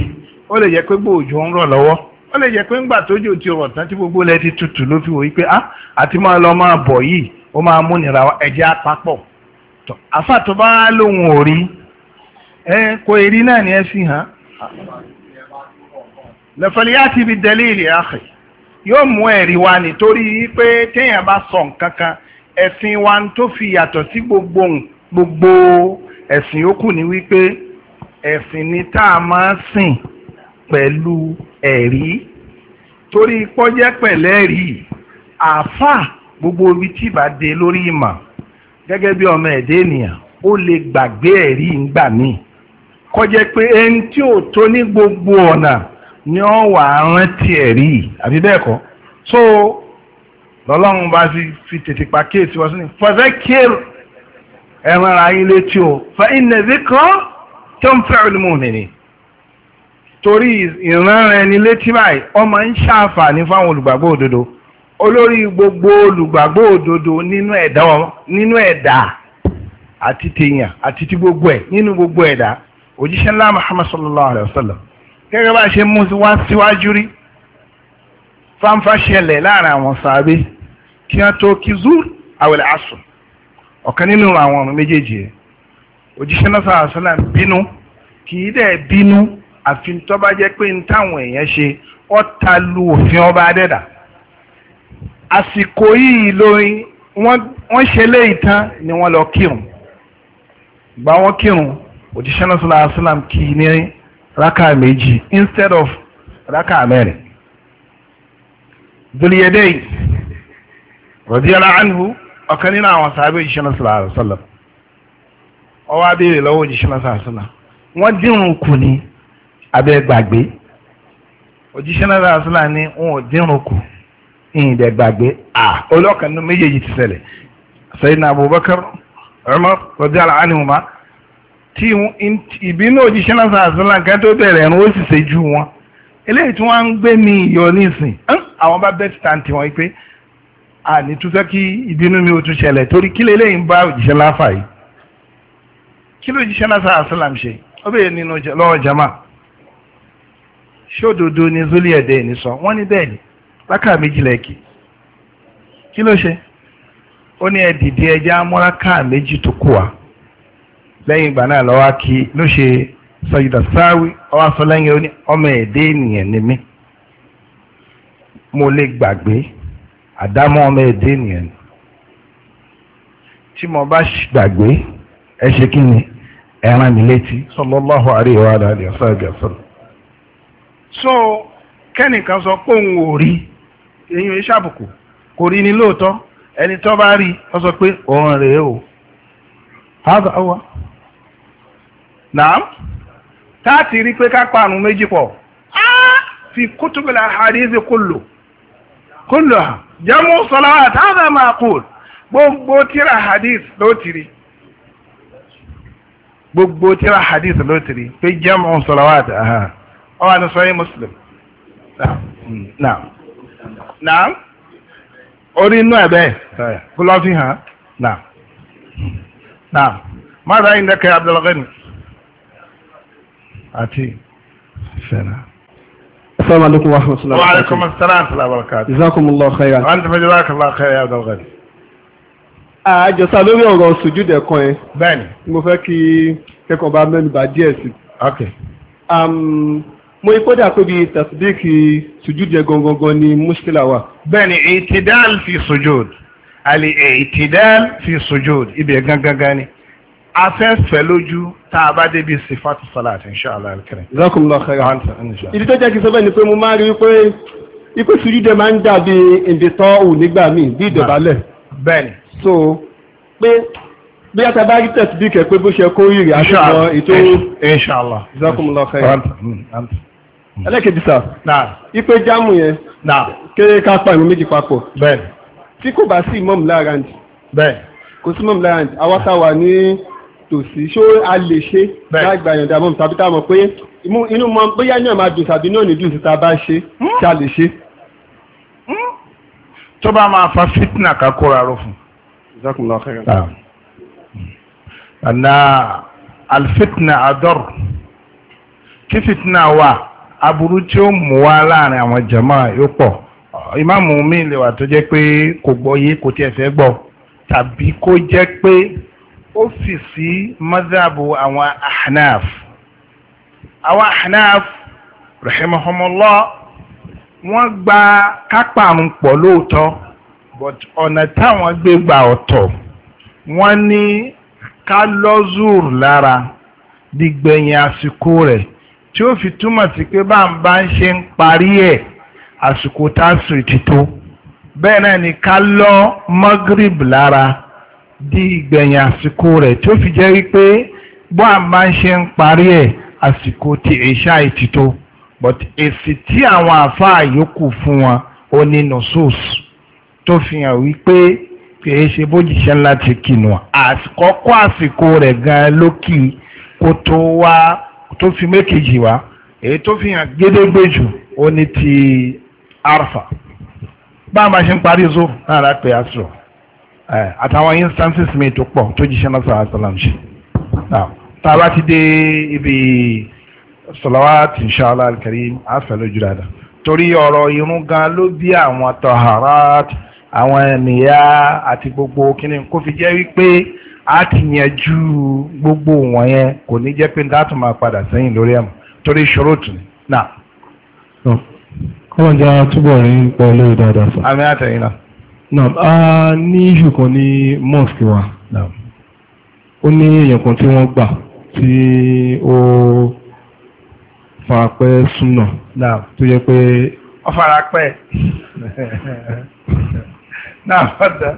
ó lè jẹ́ pé gbòòjò ń rọ̀ lọ́wọ́ ó lè jẹ́ pé ńgbà ti rọ̀ tán tí gbogbo ti tutù ló fi wò yí pé ah àti máa lọ máa bọ̀ yìí ó máa mú nira ẹ̀jẹ̀ àpapọ̀ tọ̀ àfà tó bá lóun ò rí ẹ kò èrí náà ni ẹ fi hàn yá ti fi ìlẹ̀ wa nítorí pé gbogbo gbogbo ẹ̀sìn yòókù ni wípé ẹ̀sìn ni tá a máa sìn pẹ̀lú ẹ̀rí torí pọ́jẹ́ pẹ̀lẹ́ rí àáfà gbogbo ibi tí bá dé lórí ìmọ̀ gẹ́gẹ́ bí ọmọ ẹ̀dẹ́ ènìyàn ó lè gbàgbé ẹ̀rí ńgbà míì kọjẹ́ pé ẹni tí ò tó ní gbogbo ọ̀nà ni ó wà rántí ẹ̀rí àbí bẹ́ẹ̀ kọ́ so lọ́lọ́run bá fi tètè pa kéèsì wá sí ni fọ́sẹ́ kéèrò ẹran ara yín létí o fa inna zikra tanfa'ul mu'minin torí ìran ẹni létí báyìí ó máa ń ṣàǹfààní fáwọn olùgbàgbọ́ òdodo olórí gbogbo olùgbàgbọ́ òdodo nínú ẹ̀dá àti tèèyàn àti ti gbogbo ẹ̀ nínú gbogbo ẹ̀dá òjíṣẹ́ ńlá Muhammad sallallahu alayhi wa sallam gẹ́gẹ́ bá ṣe mú wá síwájú rí fáńfà ṣẹlẹ̀ láàrin àwọn sàábé kí wọ́n tó kí zur àwẹ̀lẹ̀ asùn ọ̀kan nínú àwọn ọ̀run méjèèjì ẹ̀ òjíṣẹ́ náà sọ̀rọ̀ sọ́là ń bínú kì í dẹ̀ bínú àfi tó bá jẹ́ pé ní táwọn èèyàn ṣe ọ́ ta lu òfin ọba adẹ́dà àsìkò yìí lórí wọ́n ṣe léyìí tán ni wọ́n lọ kírun gbà wọ́n kírun òjíṣẹ́ náà sọ̀rọ̀ àṣàlám kì í ní rákà méjì instead of rákà mẹ́rin. Zuliyadei radiyallahu anhu ọ̀kan nínú àwọn sàábé òjíṣẹ́ náà sallallahu alaihi wasallam ó wá béèrè lọ́wọ́ òjíṣẹ́ náà sallallahu alaihi wasallam wọ́n dírun kù ní abẹ́ gbàgbé òjíṣẹ́ náà sallallahu alaihi wasallam ní wọn ò dírun kù ìyìn dẹ̀ gbàgbé à olóòkan nínú méjèèjì ti ṣẹlẹ̀ Sayyidina Abubakar Umar radiyallahu anhuma tí ìbínú òjíṣẹ́ náà kan tó bẹ̀rẹ̀ ẹ̀rùn ó sì ṣe ju wọn eléyìí tí wọ́n ń gbé ní ìyọ nísìn àwọn bá bẹ́ẹ̀ àní tún fẹ́ kí ìbínú mi ò tún ṣẹlẹ̀ torí kí lélẹ́yìn bá òjíṣẹ́ láfà yìí kí ló jíṣẹ́ náà sáà sálàm ṣe ó bèèrè nínú lọ́wọ́ jama ṣódodo ni zoli ẹ̀dẹ́ ìní sọ wọ́n ní bẹ́ẹ̀ ni lákà méjì lẹ́ẹ̀kì kí ló ṣe ó ní ẹ dìde ẹja amúraká méjì tó kù wá lẹ́yìn ìgbà náà lọ́wọ́ kí ló ṣe sọ̀yìdà sáwí ọwọ́ sọ lẹ́yìn ọmọ ẹ̀dẹ́ ènìyàn ni mí mo lè gbàgbé àdámọ́ ọmọ èdè nìyẹn tí mo bá gbàgbé ẹ ṣe kí ni ẹran mi létí so kẹ́nìkan sọ pé òun ò rí eyín iṣẹ́ àbùkù kò rí ni lóòótọ́ ẹni tó bá rí ọ sọ pé òun rèé o hàgà ọwọ́ naam táàtì rí pé ká méjì pọ̀ fi ha jamu salawat hadha maqul gbogbo tírà hadith lotiri gbogbo tírà hadith lotiri pé jamu salawat aha O wà ní sahih muslim naam naam orí inú ẹ̀bẹ̀ kó lọ fi na naam naam ماذا عندك يا عبد الغني؟ أتي سلام السلام عليكم ورحمة الله وبركاته وعليكم السلام ورحمة الله وبركاته جزاكم الله خيرا وأنت فجزاك الله خيرا يا عبد الغني àjọsà lórí ọ̀rọ̀ sùjúdù ẹ̀kan yẹn. bẹ́ẹ̀ni. mo fẹ́ kí kẹ́kọ̀ọ́ bá mẹ́nu bá díẹ̀ sí. ok. mo ipò dà pé bíi tàṣídìkì sùjúdù gangan ni mushkila wà. bẹ́ẹ̀ni ìtìdáàl fi sùjúdù àlè ìtìdáàl fi sùjúdù ibẹ̀ gangan ni afẹ́fẹ́ lójú tá a bá débi sifatu salat inṣàlá alkarim. jazakumullahu khairan ansa inṣàlá. ìdí tó jẹ́ kí sọ́bẹ̀ ni pé mo máa rí pé ipò sùjúdẹ máa ń dàbí ìbìtọ́ òun nígbà míì bí ìdọ̀bálẹ̀. bẹ́ẹ̀ni. so pé bí a ta bá rí tẹ̀sí bí kẹ̀ pé bó ṣe kó rírì àṣọ ètò. inṣàlá jazakumullahu khairan ansa. ẹlẹ́kejì sà. náà. ipe jáàmù yẹn. náà. kéré ká pa ìwé méjì papọ̀. bẹ́ẹ̀ni. tí kò bá sí ìmọ̀mù lára ní. bẹ́ẹ̀ni. kò sí ìmọ̀mù lára ní. àwa wà ní tòsí ṣó a lè ṣe lágbà yọ̀ǹda mọ́ tàbí tá a mọ̀ pé inú mọ bóyá náà máa dùn tàbí náà ní dùn sí ta bá ṣe hmm? ṣe a lè ṣe. Hmm? tó bá máa fa fitna ká kóra ró fún. Ah. àná alfitna adọ́r kí fitna wà aburú tí ó mú wá láàrin àwọn jama yóò pọ̀ ìmáàmù mi lè wà tó jẹ́ pé kò gbọ́ yé kò tiẹ̀ fẹ́ gbọ́ tàbí kó jẹ́ pé ó fi sí madhabu àwọn ahnaf àwọn ahnaf rahimahumullah wọ́n gba kápárun pọ̀ lóòótọ́ but ọ̀nà táwọn gbé gba ọ̀tọ̀ wọ́n ní ká lọ́zùr lára dìgbẹ̀yìn àsìkò rẹ̀ tí ó fi túmọ̀ sí pé bá ń bá ń ṣe ń parí ẹ̀ àsìkò tásù ìtìtò bẹ́ẹ̀ náà ni ká lọ lára di ìgbẹ̀yìn àsìkò rẹ̀ tí ó fi jẹ́ wípé bó a máa ń ṣe ń parí ẹ̀ àsìkò ti ìṣá ìtìtò but èsì tí àwọn àfáà yòókù fún wọn ó ní nosos tó fi hàn wípé kìí ṣe bójìṣẹ́ ńlá ti kìnnà àkọ́kọ́ àsìkò rẹ̀ gan-an ló kì í kó tó wá tó fi mékejì wá èyí tó fi hàn gédégbé jù ó ní ti arfa bá a máa ṣe ń parí zoro náà lápẹ́ àsìrò. àtàwọn instances mi tó pọ̀ tó jíṣẹ́ náà sọ̀rọ̀ àṣàlám ṣe tá a bá ti dé ibi sọlọ́wàtì inṣàlá alkarim àfẹ́ lójú dáadáa torí ọ̀rọ̀ irun gan ló bí àwọn tọ̀hárátì àwọn ènìyàn àti gbogbo kíni kó fi jẹ́ wípé a ti gbogbo wọ̀nyẹn kò ní jẹ́ pé ma máa padà sẹ́yìn lórí ẹ̀mọ́ torí ṣòro tù ní. túbọ̀ rí pẹ̀lú Naam, a ní ìṣù kan ní mosque wa. Naam. Ó ní èèyàn kan tí wọ́n gbà tí ó farapẹ́ súnà. Naam. Tó yẹ pé. Ó farapẹ́. Naam, ọ̀dà.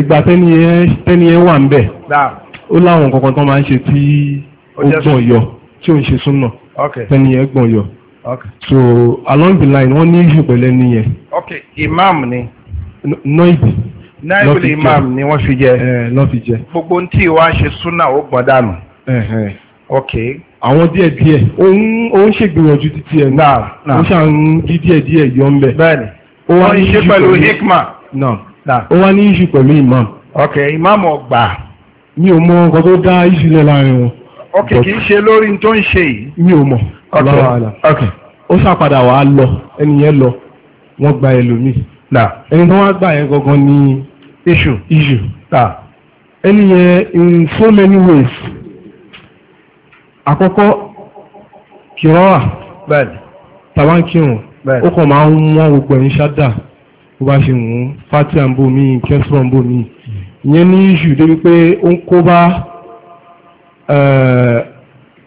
Ìgbà tẹ́ni ẹ wà ń bẹ̀. Naam. Ó láwọn kankan tó máa ń ṣe tí ó gbọ̀n yọ tí ó ń ṣe súnà. Ok. Tẹ́ni ẹ gbọ̀n yọ. Okay. So along the line wọ́n ní ìṣù pẹ̀lẹ́ nìyẹn. Ok imam ni. Noibi. Naibu imam ni wọ́n fi jẹ. Ẹ eh, fi jẹ. Gbogbo ntí wa ṣe súnà ó gbọ́n dànù. Ok. Àwọn díẹ̀ díẹ̀ ó ń ṣègbìyànjú títí ẹ̀ náà. Ó ṣàn jí díẹ̀ díẹ̀ yọ ń bẹ̀. Bẹ́ẹ̀ni. Ó wá ní ìṣù pẹ̀lú hikma. Ó wá ní ìṣù pẹ̀lú imam. Ok imam ọgbà. Mi ò mọ nǹkan tó dá ìṣù lẹ̀ láàrin wọn. Ok kì í ṣe lórí tó ń ṣe yìí. Mi ò mọ̀. ó ṣàpadà wà á lọ ẹni yẹn lọ wọ́n gba ẹlòmíì ẹni tó wá gbà yẹn gangan ni issue issue ẹni yẹn in so many ways àkọ́kọ́ kìrọ́wà tàbánkìrùn ó kàn máa ń wọ́n gbogbo ẹ̀yìn ṣádà bó bá ṣe wùn fatia ń bò mí kẹsàn-án ń bò mí ìyẹn ní issue débi pé ó ń kó bá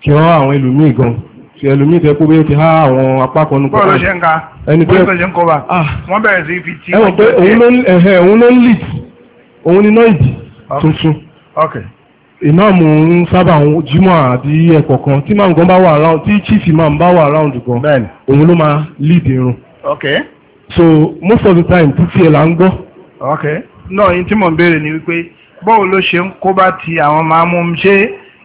kìrọ́wà àwọn ẹlòmíì gan-an ti ẹlòmíì tẹ kó bẹ́ẹ̀ ti há àwọn apákan nù. bọ́ọ̀lù ṣe ń ka ẹni tẹ́ bọ́ọ̀lù ṣe ń kọ́ba ah. wọ́n bẹ̀rẹ̀ sí fi tí. ẹ wọ́n pé òun ló ń lead òun ni noise tuntun ìmáàmù ń sábà jímọ̀ àbí ẹ̀kọ̀ kan tí máàmù gan bá wà round tí chief imam bá wà round gan òun ló máa lead irun. so most of the time títí ẹ̀ là ń gbọ́. náà yín tí mò ń béèrè ni wípé bọ́ọ̀lù ló ṣe ń kóbá ti àwọn máàmù ṣe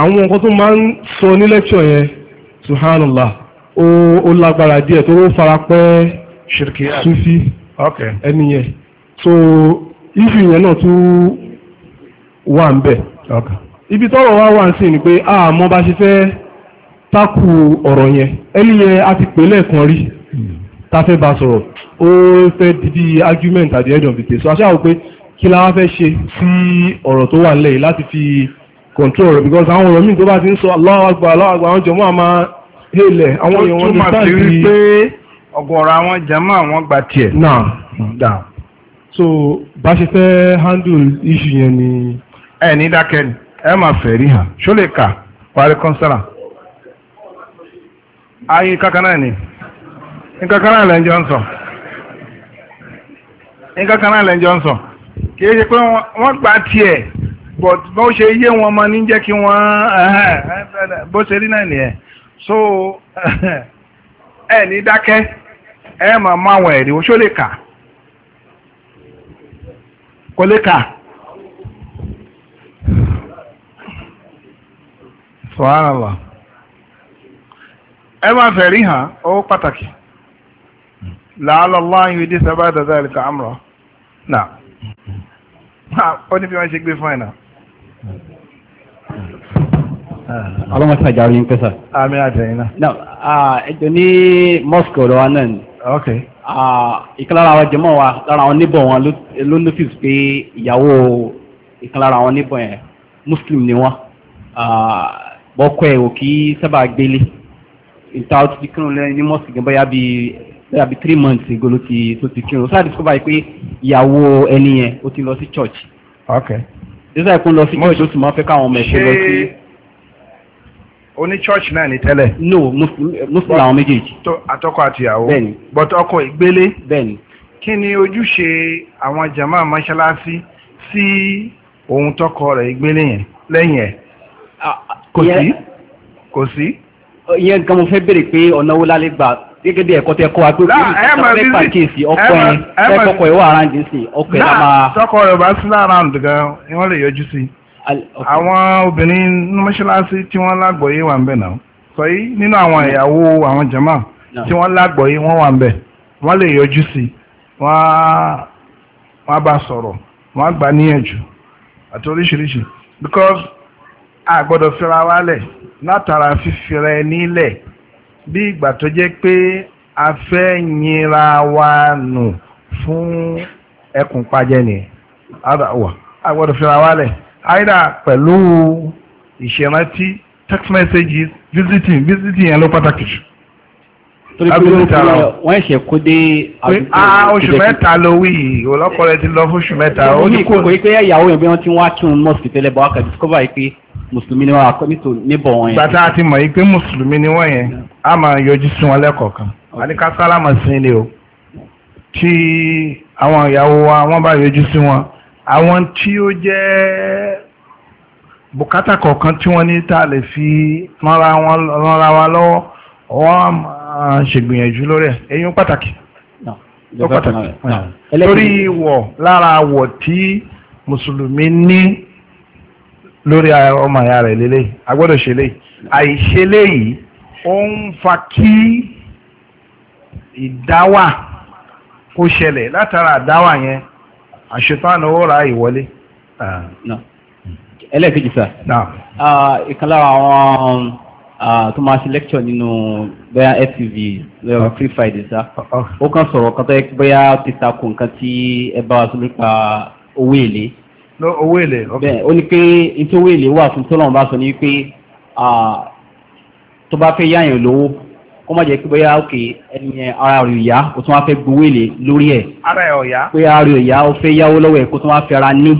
àwọn nǹkan tó máa ń sọ ní lẹ́kṣọ̀ yẹn subhanallah ó lágbára díẹ̀ tó ó fara pẹ́ sufi ẹni yẹn so ifi yẹn náà tún wà ń bẹ̀ ibi tọ́rọ̀ wá wà ń sìn ni pé àmọ́ bá ṣe fẹ́ tákù ọ̀rọ̀ yẹn ẹni yẹn a ti pè lẹ́ẹ̀kan rí tá fẹ́ bá sọ̀rọ̀ ó fẹ́ di bí argument at the end so aṣáà wò pé kí la wá fẹ́ ṣe sí ọ̀rọ̀ tó wà nílẹ̀ yìí láti fi control rẹ̀ because àwọn ọ̀rọ̀ míì tó bá ti ń sọ Allahu Akbar àwọn jọmọ́ àmà hélẹ̀ àwọn èèyàn wọn ní sáà di pé ọ̀gọ̀rọ̀ àwọn àwọn gba tiẹ̀. náà so bá ṣe fẹ́ handle issue yẹn ni. ẹ ní dákẹ́ ni ẹ máa fẹ́ rí hàn ṣó kà parí kọ́nsára ayé kankan ni nǹkan kan náà lẹ́njọ́ ń sọ nǹkan kan gba tiẹ̀. but bó ṣe yé wọn ma ní jẹ́ kí wọ́n bó ṣe rí so ẹ ní dákẹ́ ẹ ma mọ́ àwọn ẹ̀rí oṣó lè kà kò lè kà. sọ́hánàlá ẹ máa fẹ̀rí hàn ó pàtàkì làálọ́lá yìí dé sábà dàda ẹ̀ka àmúrọ̀ náà ó ní bí wọ́n ṣe gbé fún ẹ̀ ọlọ́mọta jàrí ń pẹ́sà. àmì àjẹyìnà. ẹjọ ní mosque ọ̀rọ̀ wa náà ni. ok. ìkàlára àwọn jẹmọ́ wa lára àwọn níbọ̀ wọn ló notice pé ìyàwó ìkàlára àwọn níbọ̀ yẹn muslim ni wọ́n bọ́kọ̀ ẹ̀ ò kí sábà gbélé ìta ó ti di kírun lẹ́yìn ní mosque gẹ́gẹ́ bóyá bíi three months ago ló ti tó ti kírun sáà discover pé ìyàwó ẹni yẹn ó ti lọ sí church. ok ìsẹ́ ìkún lọ sí ìjọ tí mo fẹ́ káwọn ọmọ ẹ̀ṣẹ́ lọ sí. oní church náà ní tẹ́lẹ̀. no muslim làwọn méjèèjì. àtọkọ àtìyàwó bẹ́ẹ̀ni but ọkọ ìgbélé. bẹ́ẹ̀ni. kí ni ojúṣe àwọn jama mọ́ṣáláṣí sí ohun tọkọ rẹ̀ ìgbélé yẹn lẹ́yìn ẹ̀. kò sí kò sí. ìyẹn gan mo fẹ́ béèrè pé ọ̀nà wo lálẹ́ gbà gẹ́gẹ́ bí ẹ̀kọ́ tẹ́ kọ́ wa pé ìṣàfẹ́ pàkíyèsí ọkọ yẹn tẹ́kọ̀kọ̀ ìwà ara ǹdí sí ọkọ ẹ̀ la máa. tọkọ rẹ bá sí lára ǹdí gan ni wọn lè yọjú sí àwọn obìnrin ní mọ́ṣáláṣí tí wọ́n lágbọ̀ọ́yé wà ń bẹ̀ náà sọ yìí nínú àwọn ìyàwó àwọn jama tí wọ́n lágbọ̀ọ́yé wọ́n wà ń bẹ̀ wọ́n lè yọjú sí wọ́n á bá sọ̀rọ̀ wọ́n á gbà níyànjú àti oríṣiríṣi because a gbọ́dọ̀ fira wálẹ̀ látara fífira ẹ nílẹ̀ bí ìgbà tó jẹ́ pé a fẹ́ yinra wa nù fún ẹkùn pajẹ ni a gbọ́dọ̀ fira wa lẹ̀ àìdá pẹ̀lú ìṣèrántí text messages visiting visiting yẹn ló pàtàkì jù torí pé wọ́n ṣe kó dé àdúgbò oṣù mẹ́ta ló wí yìí olókọ́rẹ́ ti lọ fún oṣù mẹ́ta ó ní kò. kò ní pé ìyàwó yẹn bí wọ́n ti wá kí n mọ́ọ̀sì tẹ́lẹ̀ bọ́ wákàtí discover yìí pé mùsùlùmí ni wọ́n àkọ́nítò níbọ̀ wọn yẹn. bàtà àti mọ̀ yìí pé mùsùlùmí ni wọ́n yẹn a máa yọjú sí wọn lẹ́kọ̀ọ̀kan àdìka sálámà sí ilé o tí àwọn ìyàwó wa wọ́n bá yọjú sí wọn àwọn tí ó jẹ́ bùkátà kọ̀ọ̀kan tí wọ́n ní tá a lè fi rànra wa lọ́wọ́ wọ́n á máa ṣègbìyànjú lórí ẹ̀ èyí pàtàkì ó wọ̀ lára wọ̀ tí mùsùlùmí ní lórí ọmọ ìyá rẹ̀ lélẹ̀ agbọ́dọ̀ ṣe lé àìṣe léyìí ó ń fa kí ìdáwà kó ṣẹlẹ̀ látara àdáwà yẹn àṣetánà ó ra ìwọlé. ẹlẹ́ẹ̀kejì sá ìkan lára àwọn tó máa ṣe lecture nínú bóyá FTV lọ́wọ́ free friday sá oh. ó kàn sọ̀rọ̀ kan tó yẹ bóyá ti takò nǹkan tí ẹ bá wa sọ nípa owó èlé owó èlé. bẹ́ẹ̀ ó ní pé ètò owó èlé wà fún tọ́lọ́mù bá sọ ní pé tó bá fẹ́ yáyàn lówó kó má jẹ́ pé bóyá òkè ẹni yẹn ara rẹ̀ òyá ó tún wá fẹ́ gbowó èlé lórí ẹ̀. ara ẹ̀ ọ̀yá. pé ara rẹ̀ òyá ó fẹ́ yáwó lọ́wọ́ ẹ̀ kó tún wá fẹ́ ara ní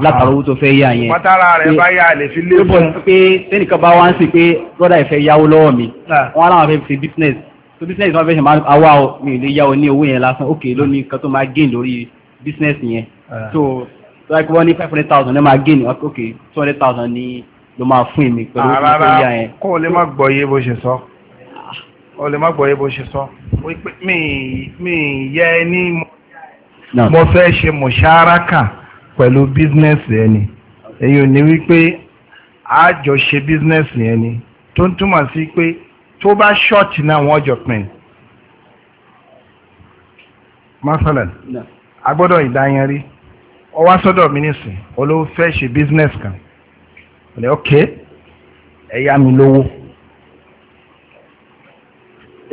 látara owó tó fẹ́ yá yẹn. pátárà rẹ̀ bá yá lè fi lé fún. pé tẹ́nìkan bá wá ń sìn pé brọ́dà ìfẹ́ yáwó lọ́wọ́ mi wọ́n á fẹ́ fi business so business wọn fẹ́ ṣe máa awá mi ò lè yáwó ní owó yẹn lásán òkè lónìí kan tó máa gain lórí business yẹn. so tó yẹ kí wọ́n ní five hundred thousand ẹ máa gé ní ok two thousand ní ló máa fún èmi pẹ̀lú ìpínlẹ̀ ah, yẹn. rárá kó o lè má gbọ́ iye bó ṣe sọ ah. o lè má gbọ́ iye bó ṣe sọ wípé mi yẹ ẹ ní mo fẹ́ ṣe mọ̀ṣáraka pẹ̀lú bísínẹ́sì ẹni èyí ò ní wípé àjọ ṣe bísínẹ́sì ẹni tó ń túmọ̀ sí pé tó bá ṣọ́ọ̀tì náà wọ́n jọ pin masalan agbọ́dọ̀ ìdáyẹn rí ọwá sọ́dọ̀ mi nísìn olówó fẹ́ ṣe business kan ọ̀lẹ́ ọ̀kẹ́ ẹ̀yà mi lówó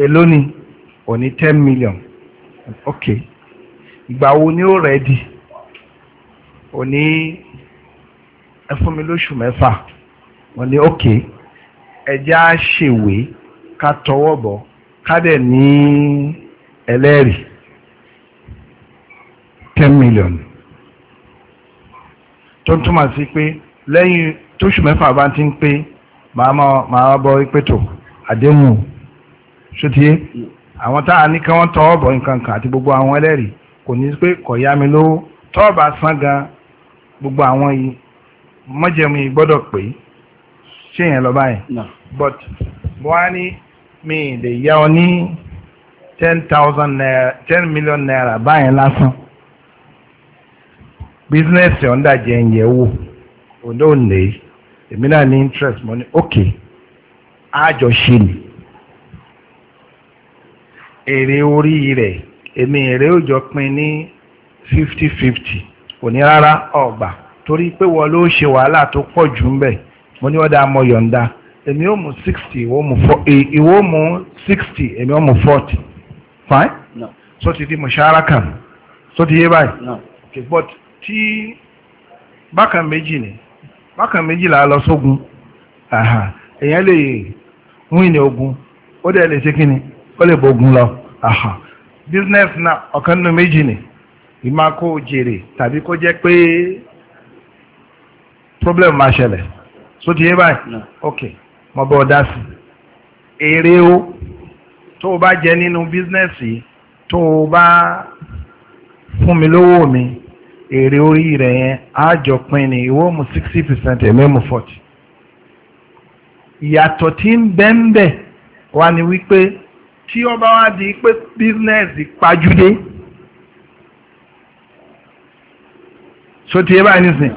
èló ni òní ten million ọ̀kẹ́ ìgbà wo ni ó rẹ̀ di òní ẹ fún mi lóṣù mẹ́fà òní ọ̀kẹ́ ẹjẹ́ á ṣèwé ká tọwọ́ bọ̀ ká dẹ̀ ní ẹlẹ́rìí ten million tó ń túmọ̀ sí pé lẹ́yìn tóṣù mẹ́fà bá ti ń pé màá máa bọ́ pé tó àdéhùn ṣótiyé àwọn táà ní kí wọ́n tọ́ ọ̀bọ̀ nǹkan kan àti gbogbo àwọn ẹlẹ́rìí kò ní pé kò yá mi lówó tọ́ọ̀bà san gan gbogbo àwọn yìí mọ́jẹ̀mú yìí gbọ́dọ̀ pé ṣé yẹn lọ báyìí but mo wá ní mi lè yá ọ ní ten thousand naira ten million naira báyìí lásán. Business ọ̀ndà jẹ́ ń yẹ wò òun ò èmi náà ní interest money ní ok àjọṣe ni èrè orí rẹ̀ èmi èrè òjọ pín ní fifty fifty kò ní rárá ọgbà torí pé wọ́n ló ṣe wàhálà tó pọ̀ jù ń bẹ̀ mo ní ọ̀dà mo yọ̀ǹda èmi ó mú sixty ìwọ ó mú sixty èmi ó mú forty fine so ti di mo ṣe so ti yé báyìí okay but tí bákan méjì ni bákan méjì là á lọ sógun èèyàn lè win ní ogun ó dẹ̀ lè ṣe kí ni ó lè bógun lọ business náà ọ̀kan nínú méjì ni ìmá kó jèrè tàbí kó jẹ́ pé problem máa ṣẹlẹ̀ so ti yé báyìí ok mo bọ́ dá sí èrè o tó o bá jẹ nínú business yìí tó o bá fún mi lówó mi èrè orí rẹ̀ yẹn àjọ pín ni ìwọ mú sixty percent èmi mú forty. ìyàtọ̀ tí ń bẹ́ńbẹ́ wà ní wípé tí ó bá wá di pé bísínẹ́sì pajúdé so tí ẹ bá ní sìn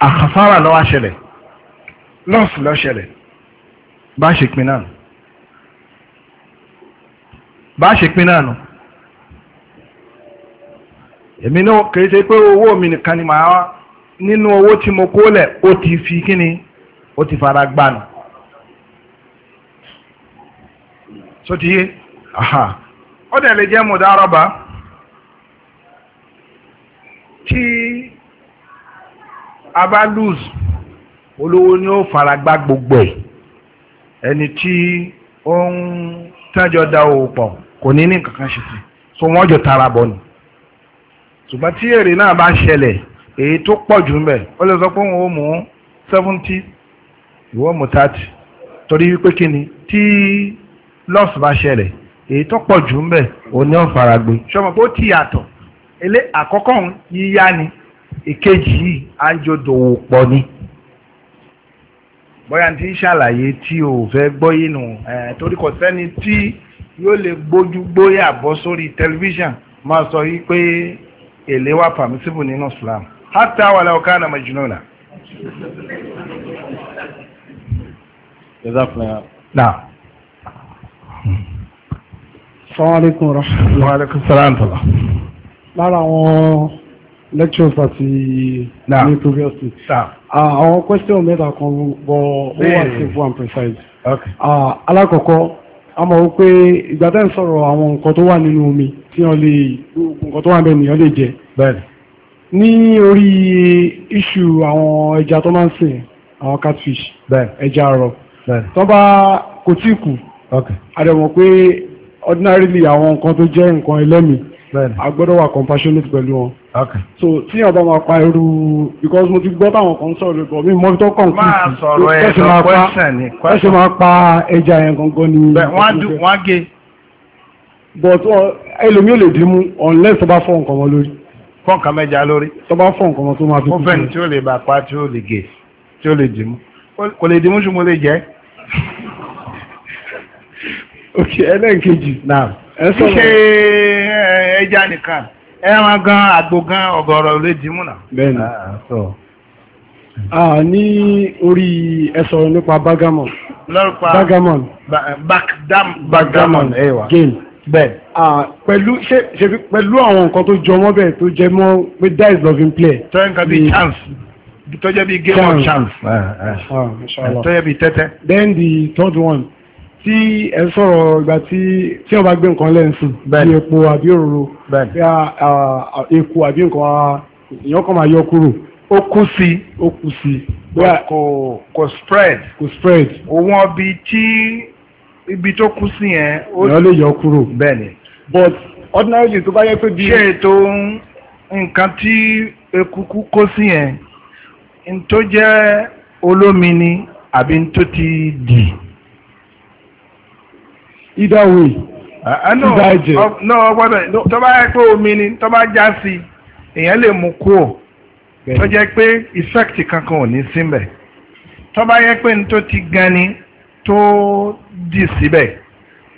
àkàsára lọ́wọ́ ṣẹlẹ̀ lọ́ọ̀sì lọ́ọ́ ṣẹlẹ̀ bá ṣe pin náà bá ṣe pin náà nù èmi náà kìí ṣe pé owó mi nìkan ni màá wá nínú owó tí mo kó lẹ̀ ó ti fi kíni ó ti fara gbanù so ti yé aha ó dẹ̀ lè jẹ́ mùdáraba tí a bá lose olówó ni ó fara gbá gbogbo ẹ̀ ẹni tí ó ń tẹ́jọ́ da òòpọ̀ kò ní ní kankan ṣe sí so wọ́n jọ tara bọ̀ ni ṣùgbọ́n tí èrè náà bá ṣẹlẹ̀ èyí tó pọ̀ jù mbẹ̀ ó lè sọ pé òun mú seventy ìwọ mú thirty torí wípé kí ni tí loss bá ṣẹlẹ̀ èyí tó pọ̀ jù mbẹ̀ òun ni ó fara gbé. sọmọ pé ó ti yàtọ̀ elé àkọ́kọ́ òun yíyá ni ìkejì yìí á ń jòdò pọ̀ ni bóyá tí ń ṣàlàyé tí o fẹ́ gbọ́ yìí torí kò sẹ́ni tí yóò lè gbójú gbóyà bọ́ sórí tẹlifíṣàn máa sọ yìí pé èlé wà pàmísìbù nínú Islam hatta wà láwọn káàna majnuna. Sọ́wọ́lẹ́kùn rọ̀. Sọ́wọ́lẹ́kùn sọ́rọ̀ àǹtọ̀lá. Lára àwọn lectures àti ní previous week. Àwọn question mẹ́ta kan bọ̀ ó wà sí fún and precise. Alákọ̀ọ́kọ́ a mọ̀ wípé ìgbà tẹ́ ń sọ̀rọ̀ àwọn nǹkan tó wà nínú omi tí wọ́n lè nǹkan tó wà bẹ́ẹ̀ nìyàn lè jẹ. bẹ́ẹ̀ ní orí iṣu àwọn ẹja tó máa ń sìn àwọn catfish ẹja àrọ̀ tó bá kò tí kù àdẹ̀mọ̀ pé ordinarily àwọn nǹkan tó jẹ́ nǹkan ẹlẹ́mìí a gbọ́dọ̀ wà compassionate pẹ̀lú wọn so tí ọba máa pa irú because mo ti gbọ́ táwọn kan sọ̀rọ̀ ìbọn mi mọ́ tó kàn kí ẹ̀ṣẹ̀ máa pa ẹja yẹn gangan ni wọ́n gé but ẹlòmí ò lè dín mú unless tó bá fọ́ nǹkan wọn lórí fọ́ nǹkan mẹ́ja lórí tó bá fọ́ nǹkan wọn tó máa fi kú fẹ́ni tí ó lè bá pa tí ó lè gé tí ó lè dín mú kò lè dín mú ṣùgbọ́n lè jẹ́ ok ẹlẹ́nkejì náà ṣíṣe ẹja nìkan ẹran gan àgbò gan ọ̀gọ̀rọ̀ lè jí múnà. bẹ́ẹ̀ni ah, ní orí ẹsọ̀rọ̀ nípa Bergamon. lọ́rùpa Bergamon. Bergamon ẹ̀wà. gain bẹ́ẹ̀. pẹ̀lú ṣe pẹ̀lú àwọn nǹkan tó jọ mọ́ bẹ́ẹ̀ tó jẹ mọ́ pé that is loving play. tọ́yìn kan bíi chance tọ́jẹ́ bíi game of chance. Ah, ah. tọ́jẹ́ bíi tẹ́tẹ́. then the third one tí ẹ sọ̀rọ̀ ìgbà tí tí wọ́n bá gbé nǹkan lẹ́ǹsìn bí epo àbí òróró bí epo àbí nǹkan èèyàn kan máa yọ kúrò. ó kú sí ó kú sí. kò kò spread. kò spread. òun ọbi tí ibi tó kú sí yẹn. èèyàn lè yọ kúrò. bẹ́ẹ̀ni. but ordinarily tó bá yẹ pé bí. ṣé ètò nǹkan tí ekuku kó sí yẹn n tó jẹ́ olómi ni àbí n tó ti dì either way either jẹ. náà gbọ́dọ̀ tó bá yẹ pé omi ni tó bá já sí èèyàn lè mú kú ọ̀ tó jẹ́ pé effect kankan ò ní síbẹ̀ tó bá yẹ pé ní tó ti gan ni tó dì síbẹ̀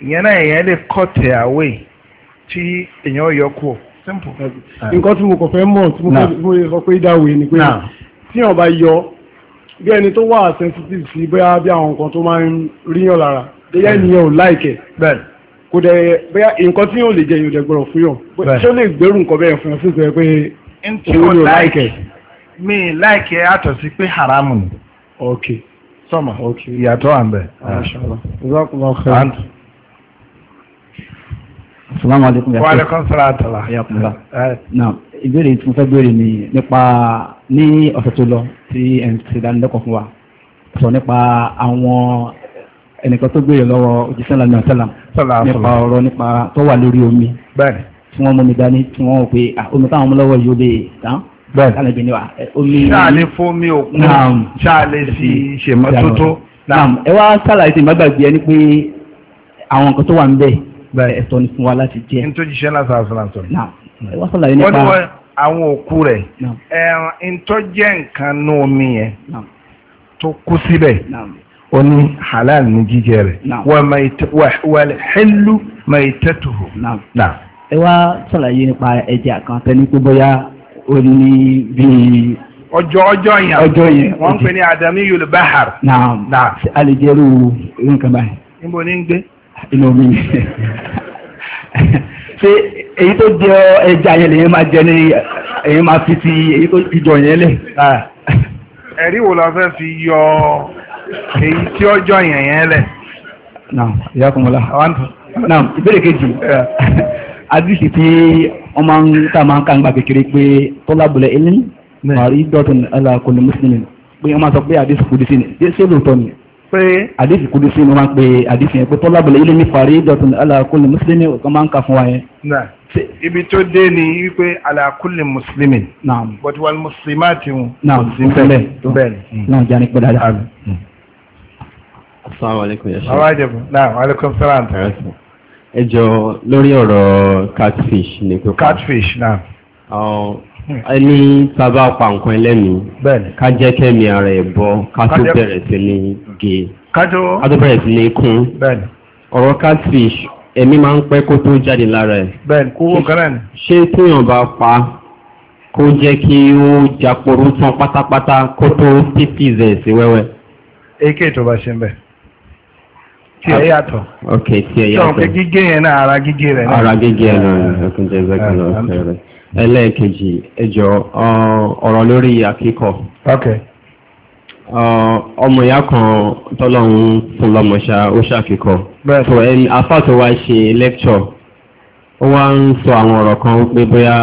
ìyẹn náà èèyàn lè cut it away tí èèyàn yọ kú ọ̀ simple. nǹkan tí mo kàn fẹ́ mọ̀ tí mo fẹ́ sọ pé either way ni pé tí wọ́n bá yọ bí ẹni tó wà sensitive sí bóyá bí àwọn nǹkan tó máa ń ríyàn lára bóyá hmm. ènìyàn ò láìkẹ̀ kò dẹ̀ bóyá nǹkan tí yóò lè jẹ yóò dẹ̀ gbọ́dọ̀ fún yàn ṣé ó lè gbẹ́rù nǹkan bẹ́ẹ̀ fún yàn sí ìgbẹ́ pé ènìyàn ò láìkẹ̀. mi láìkẹ̀ àtọ̀ sí pé haramu ni. ok sọmọ ok ìyàtọ̀ à ń bẹ̀. Assalamu alaikum yàtọ̀. Wa alaikum salaam tala. Yàtọ̀. Naam ìbéèrè tí mo fẹ́ béèrè ni nípa ní ọ̀sẹ̀ tó lọ tí ẹ̀ ń ṣe ìdánilẹ́kọ̀ọ́ fún wa sọ nípa àwọn ẹnìkan tó gbèrè lọ́wọ́ òjíṣẹ́ lànà sálàm nípa ọ̀rọ̀ nípa tó wà lórí omi tí wọ́n mú mi dání tí wọ́n pe omi táwọn mú lọ́wọ́ yóò lè tán kálẹ̀ jẹ́ níwà omi. ṣáàlì fún mi òkun ṣáàlì sí ṣèmọ́tótó. ẹ wá sálàyé tí ìmọ̀gbàgbé ẹni pé àwọn nǹkan tó wà ń bẹ̀ ẹ̀tọ́ ni fún wa láti jẹ́. ní tó jíṣẹ́ náà sọ̀rọ̀ sọ̀rọ̀ sọ̀rọ̀. ẹ wá sálàyé nípa àwọn òkú rẹ̀ ẹ̀rọ ìtọ́jẹ́ nǹkan nú omi yẹn tó kú síbẹ̀. ó halal ní jíjẹ rẹ̀ wà hẹ́lú wa ẹ nípa ẹja kan tẹ́ni pé bóyá ó ní bíi. ọjọ́ ọjọ́ yẹn wọ́n pè ní adami yul bahar. náà alìjẹ́rù nǹkan báyìí. níbo ni èyí tó jẹ yẹn máa jẹ ní máa fi ti èyí tó jọ yẹn lẹ. Ah. ẹ̀rí wo la fẹ́ fi yọ. èyí tí ó jọ yẹn yẹn lẹ̀. naam ìyá kọmọlá naam ìbéèrè kejì eh, àdìsí tí wọ́n máa ń tá a máa ń ka nígbà kékeré pé tọ́lá bọ̀lẹ̀ ilé màrí dọ́tun alákòlè mùsùlùmí pé wọ́n máa sọ pé àdìsí kùdìsí ni ṣé lóòótọ́ ni pé àdìsí kudu sí ni wọ́n pe àdìsí yẹn pé tọ́lá bẹ̀rẹ̀ ilé ní fàárí dọ̀tún aláàkúlù mùsùlùmí ọ̀kan máa ń kà fún wa yẹn. ibi tó dé ni wípé aláàkúlù mùsùlùmí bọ̀tíwá mùsùlùmí àti wọn. náà tó bẹ́ẹ̀ náà jáde pẹ́ dáadáa. Assalamu alaikum ya ṣe. Àwọn alaikum salam. Ẹ jọ lórí ọ̀rọ̀ catfish ní pípa. Catfish náà. Ẹni tá bá pa nǹkan ẹlẹ́mìí. Bẹ́ẹ̀ni. Ká jẹ́ kẹ́mi ara ẹ̀ bọ́, ká tó bẹ̀rẹ̀ sí ní gé. Ká Ká tó bẹ̀rẹ̀ sí ní kún. Bẹ́ẹ̀ni. Ọ̀rọ̀ catfish ẹ̀mí máa ń pẹ́ kó tó jáde lára ẹ̀. Bẹ́ẹ̀ni, kó kẹ́rẹ́ ni. Ṣé tíyàn bá pa kó jẹ́ kí ó japorú tán pátápátá kó tó pípì zẹ̀ sí wẹ́wẹ́? Eke tó ṣe ń bẹ̀. tí ẹ yàtọ̀. ok tí ẹ yàtọ̀. sọ̀rọ̀ gígé yẹn ara gígé rẹ. náà. ara gígé yẹn náà ẹkùn ẹlẹ́ẹ̀kejì ẹjọ́ ọ̀rọ̀ ok. ọmọ ìyá kan tọ́lọ́run fún lọ́mọṣá ó ṣàfikọ́. bẹ́ẹ̀ tó ẹni tó wá ṣe ó wá ń sọ àwọn ọ̀rọ̀ kan pé bóyá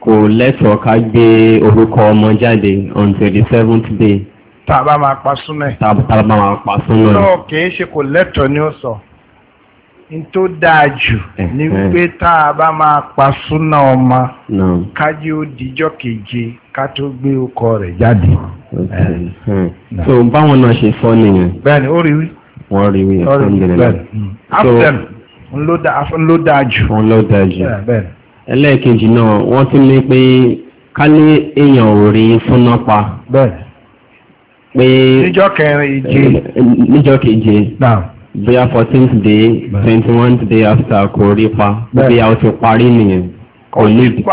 kò lẹ́tọ̀ọ́ on twenty seventh day tàbá máa pa súnà ẹ̀. tàbá máa pa súnà ẹ̀. náà kì í ṣe kò lẹ́tọ̀ọ́ ni ó sọ n tó dáa jù ní wípé tá a bá máa pa súnà ọmọ kájí ó dijọ́ keje ká tó gbé ọkọ rẹ̀ jáde. so báwọn náà ṣe sọ nìyẹn. bẹ́ẹ̀ni ó rí wí. wọ́n rí wí ẹ̀kọ́ ìgbẹ̀rẹ̀ náà. aftem n ló dáa jù. n ló dáa jù. ẹlẹ́ẹ̀kejì náà wọ́n tún ní pé ká ní èèyàn ò rí súnà pa. bẹ́ẹ̀ni pé níjọ́ kẹrin ìje níjọ́ keje bóyá fourteenth day twenty one day after kò rí pa bóyá o ti parí nìyẹn kò ní kò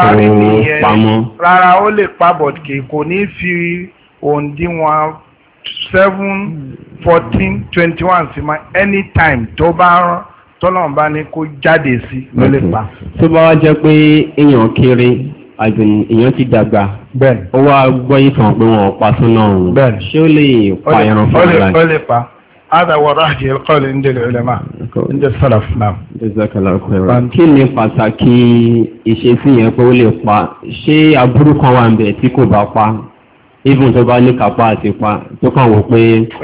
pamọ́. rárá ó lè pa bọ̀dìkì kò ní fi òǹdíwọ̀n seven fourteen twenty one sí ma anytime tó bá rán tọ́lọ́mùbá ni kó jáde sí ló lè pa. tó bá wá jẹ́ pé èèyàn kéré àjùn èèyàn ti dàgbà ó wá gbọ́ yìí kan pé wọ́n pa súnà òun ṣé ó lè pa ẹran fún ara rẹ̀. ó lè pa هذا هو راجع القول عند العلماء عند السلف نعم جزاك الله خيرا kí ni pàtàkì ìṣesí yẹn pé ó lè pa ṣé aburú kan wà ńbẹ̀ tí kò bá pa even tó bá ní kápá àti pa tó kàn wò pé.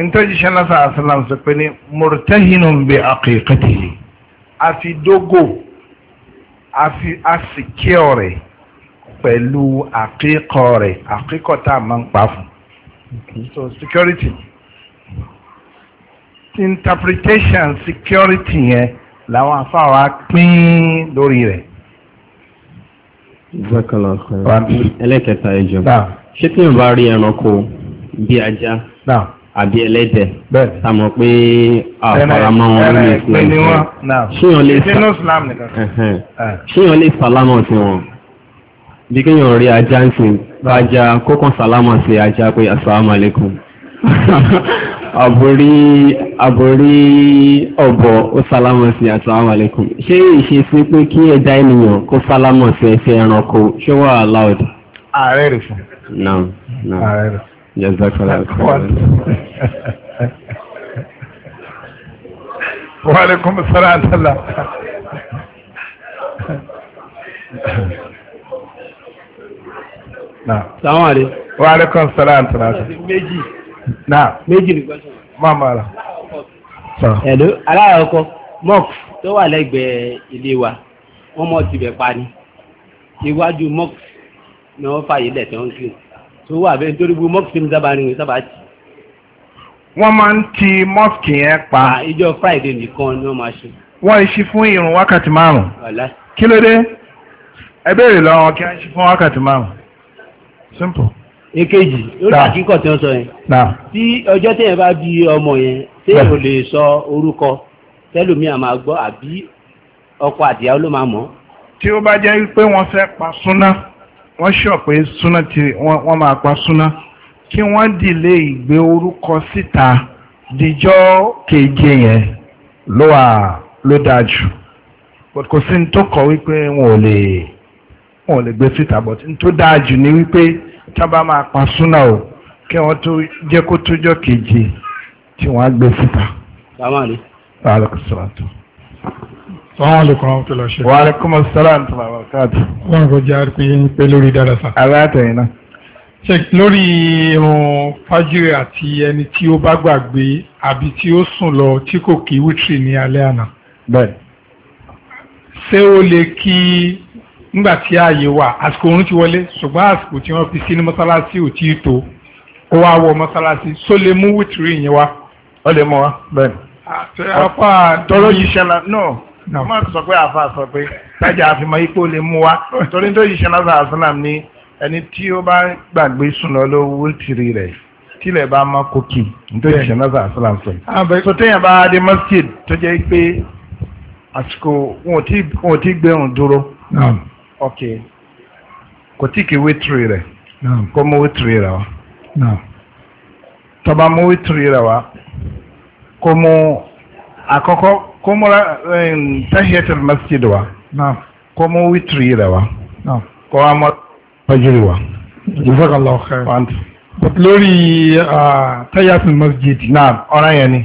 nítorí ṣẹlá sá àṣàlám sọ pé ní murtahinun bi aqiqatihi àfi dógò àfi àsìkí ọ̀rẹ́ pẹ̀lú àkíkọ rẹ̀ àkíkọ tá a máa ń pa fún so security interpretation security yẹn làwọn afáwa pín lórí rẹ̀. ìgbàkanlá ẹlẹ́kẹta ẹjọ́ ṣé tí n bá rí ẹranko bí ajá àbí ẹlẹ́dẹ̀ tá mọ̀ pé àfaramọ́ wọn ní ìsìlámù ṣíyàn lè sàlámọ̀ sí wọn bí kéèyàn rí ajá ń sìn rájá kókàn sálámà sí ajá pé assalamu alaikum àbórí àbórí ọ̀bọ̀ ó sálámà sí assalamu alaikum ṣé ìṣesí pé kí ẹ̀dá ènìyàn kó sálámà sí ẹsẹ̀ ẹranko ṣé wà allowed. ààrẹ rẹ fún. naam naam ààrẹ rẹ. jazakallah. wa alaikum salaam náà sàwọn àlè. wa aleykum salaam tala. méjì. náà méjì ni gbọ́dọ̀. máàmá la. ẹ̀lú aláàkọ́ mọ́ọ̀kù tó wà lẹ́gbẹ̀ẹ́ ilé wa wọ́n mọ̀ tibẹ̀ pa ni iwájú mọ́ọ̀kù ni wọ́n fààyè lẹ̀ tó ń kiri tó wà bẹ́ẹ̀ nítorí gbogbo mọ́ọ̀kù tí mo sábà rìn sábà tì wọ́n máa ń ti mọ́ọ̀kì yẹn pa. ìjọ friday nìkan ni wọ́n máa ṣe. wọ́n ṣí fún ìrun wákàtí márùn-ún. kí ló dé ẹ béèrè lọ́wọ́ kí wọ́n simple. èkejì lórí àkíkọ̀ tí wọ́n sọ yẹn tí ọjọ́ tí yẹn bá bí ọmọ yẹn tí yóò lè sọ orúkọ tẹ́lómi àmà gbọ́ àbí ọkọ àdìyàwó ló máa mọ̀. tí ó bá jẹ́ pé wọ́n fẹ́ pa súná wọ́n sọ pé súná tí wọ́n máa pa súná kí wọ́n dìlé ìgbé orúkọ síta díjọ́ keje yẹn ló wà ló dáa jù kò sí ní tó kọ wípé wọn ò lè wọn ò lè gbé síta bọ̀ tí tó dáa jù ní wípé tá bá máa pa súnà o kí wọ́n tó jẹ́ kó tójọ́ keje tí wọ́n á gbé síta. sàmàlì. sàmàlì kò sọ̀rọ̀ tó. sàmàlìkùn àwọn tó lọ ṣe. wàhálà kọ́mọ sọ́lá àti bàbá lórí irun fájìrì àti ẹni tí ó bá gbàgbé àbí tí ó sùn lọ tí kò kí wítìrì ní alẹ́ àná. ṣé ó lè kí nígbà tí ààyè wà àsìkò oorun ti wọlé ṣùgbọ́n àsìkò tí wọ́n fi sí ní mọ́sálásí ò tí ì tó ó wá wọ mọ́sálásí só lè mú wítìrì yẹn wá. ó lè mú wa bẹ́ẹ̀ ni. àtẹ̀yàpá tọrọ yìí ṣẹlẹ̀ náà wọ́n sọ pé àfa sọ pé tájà àfihàn ipò lè mú wa torí tó yìí ṣẹlẹ̀ sàásùlàm ni ẹni tí ó bá gbàgbé sùn ló wítìrì rẹ̀ tílẹ̀ bá má kókì nítorí ìṣẹ̀lẹ̀ sàásùlàm sọ yìí. Ah, sọ téèyàn bá dé mọ́síd tó jẹ́ pé àsìkò wọn ò tí gbẹ̀rùn dúró ok kò tí kì í wítìrì rẹ̀ kó mú wítìrì rẹ̀ wá tó bá mú wítìrì rẹ̀ wá kó mú àkọ́kọ́ kó mú tahiyatul masjid wá kó mú wítìrì rẹ̀ wá kó wá mú fajiri wá. jazakallahu khairan but lórí tahiyatul masjid. naam ọ̀ràn yẹn ni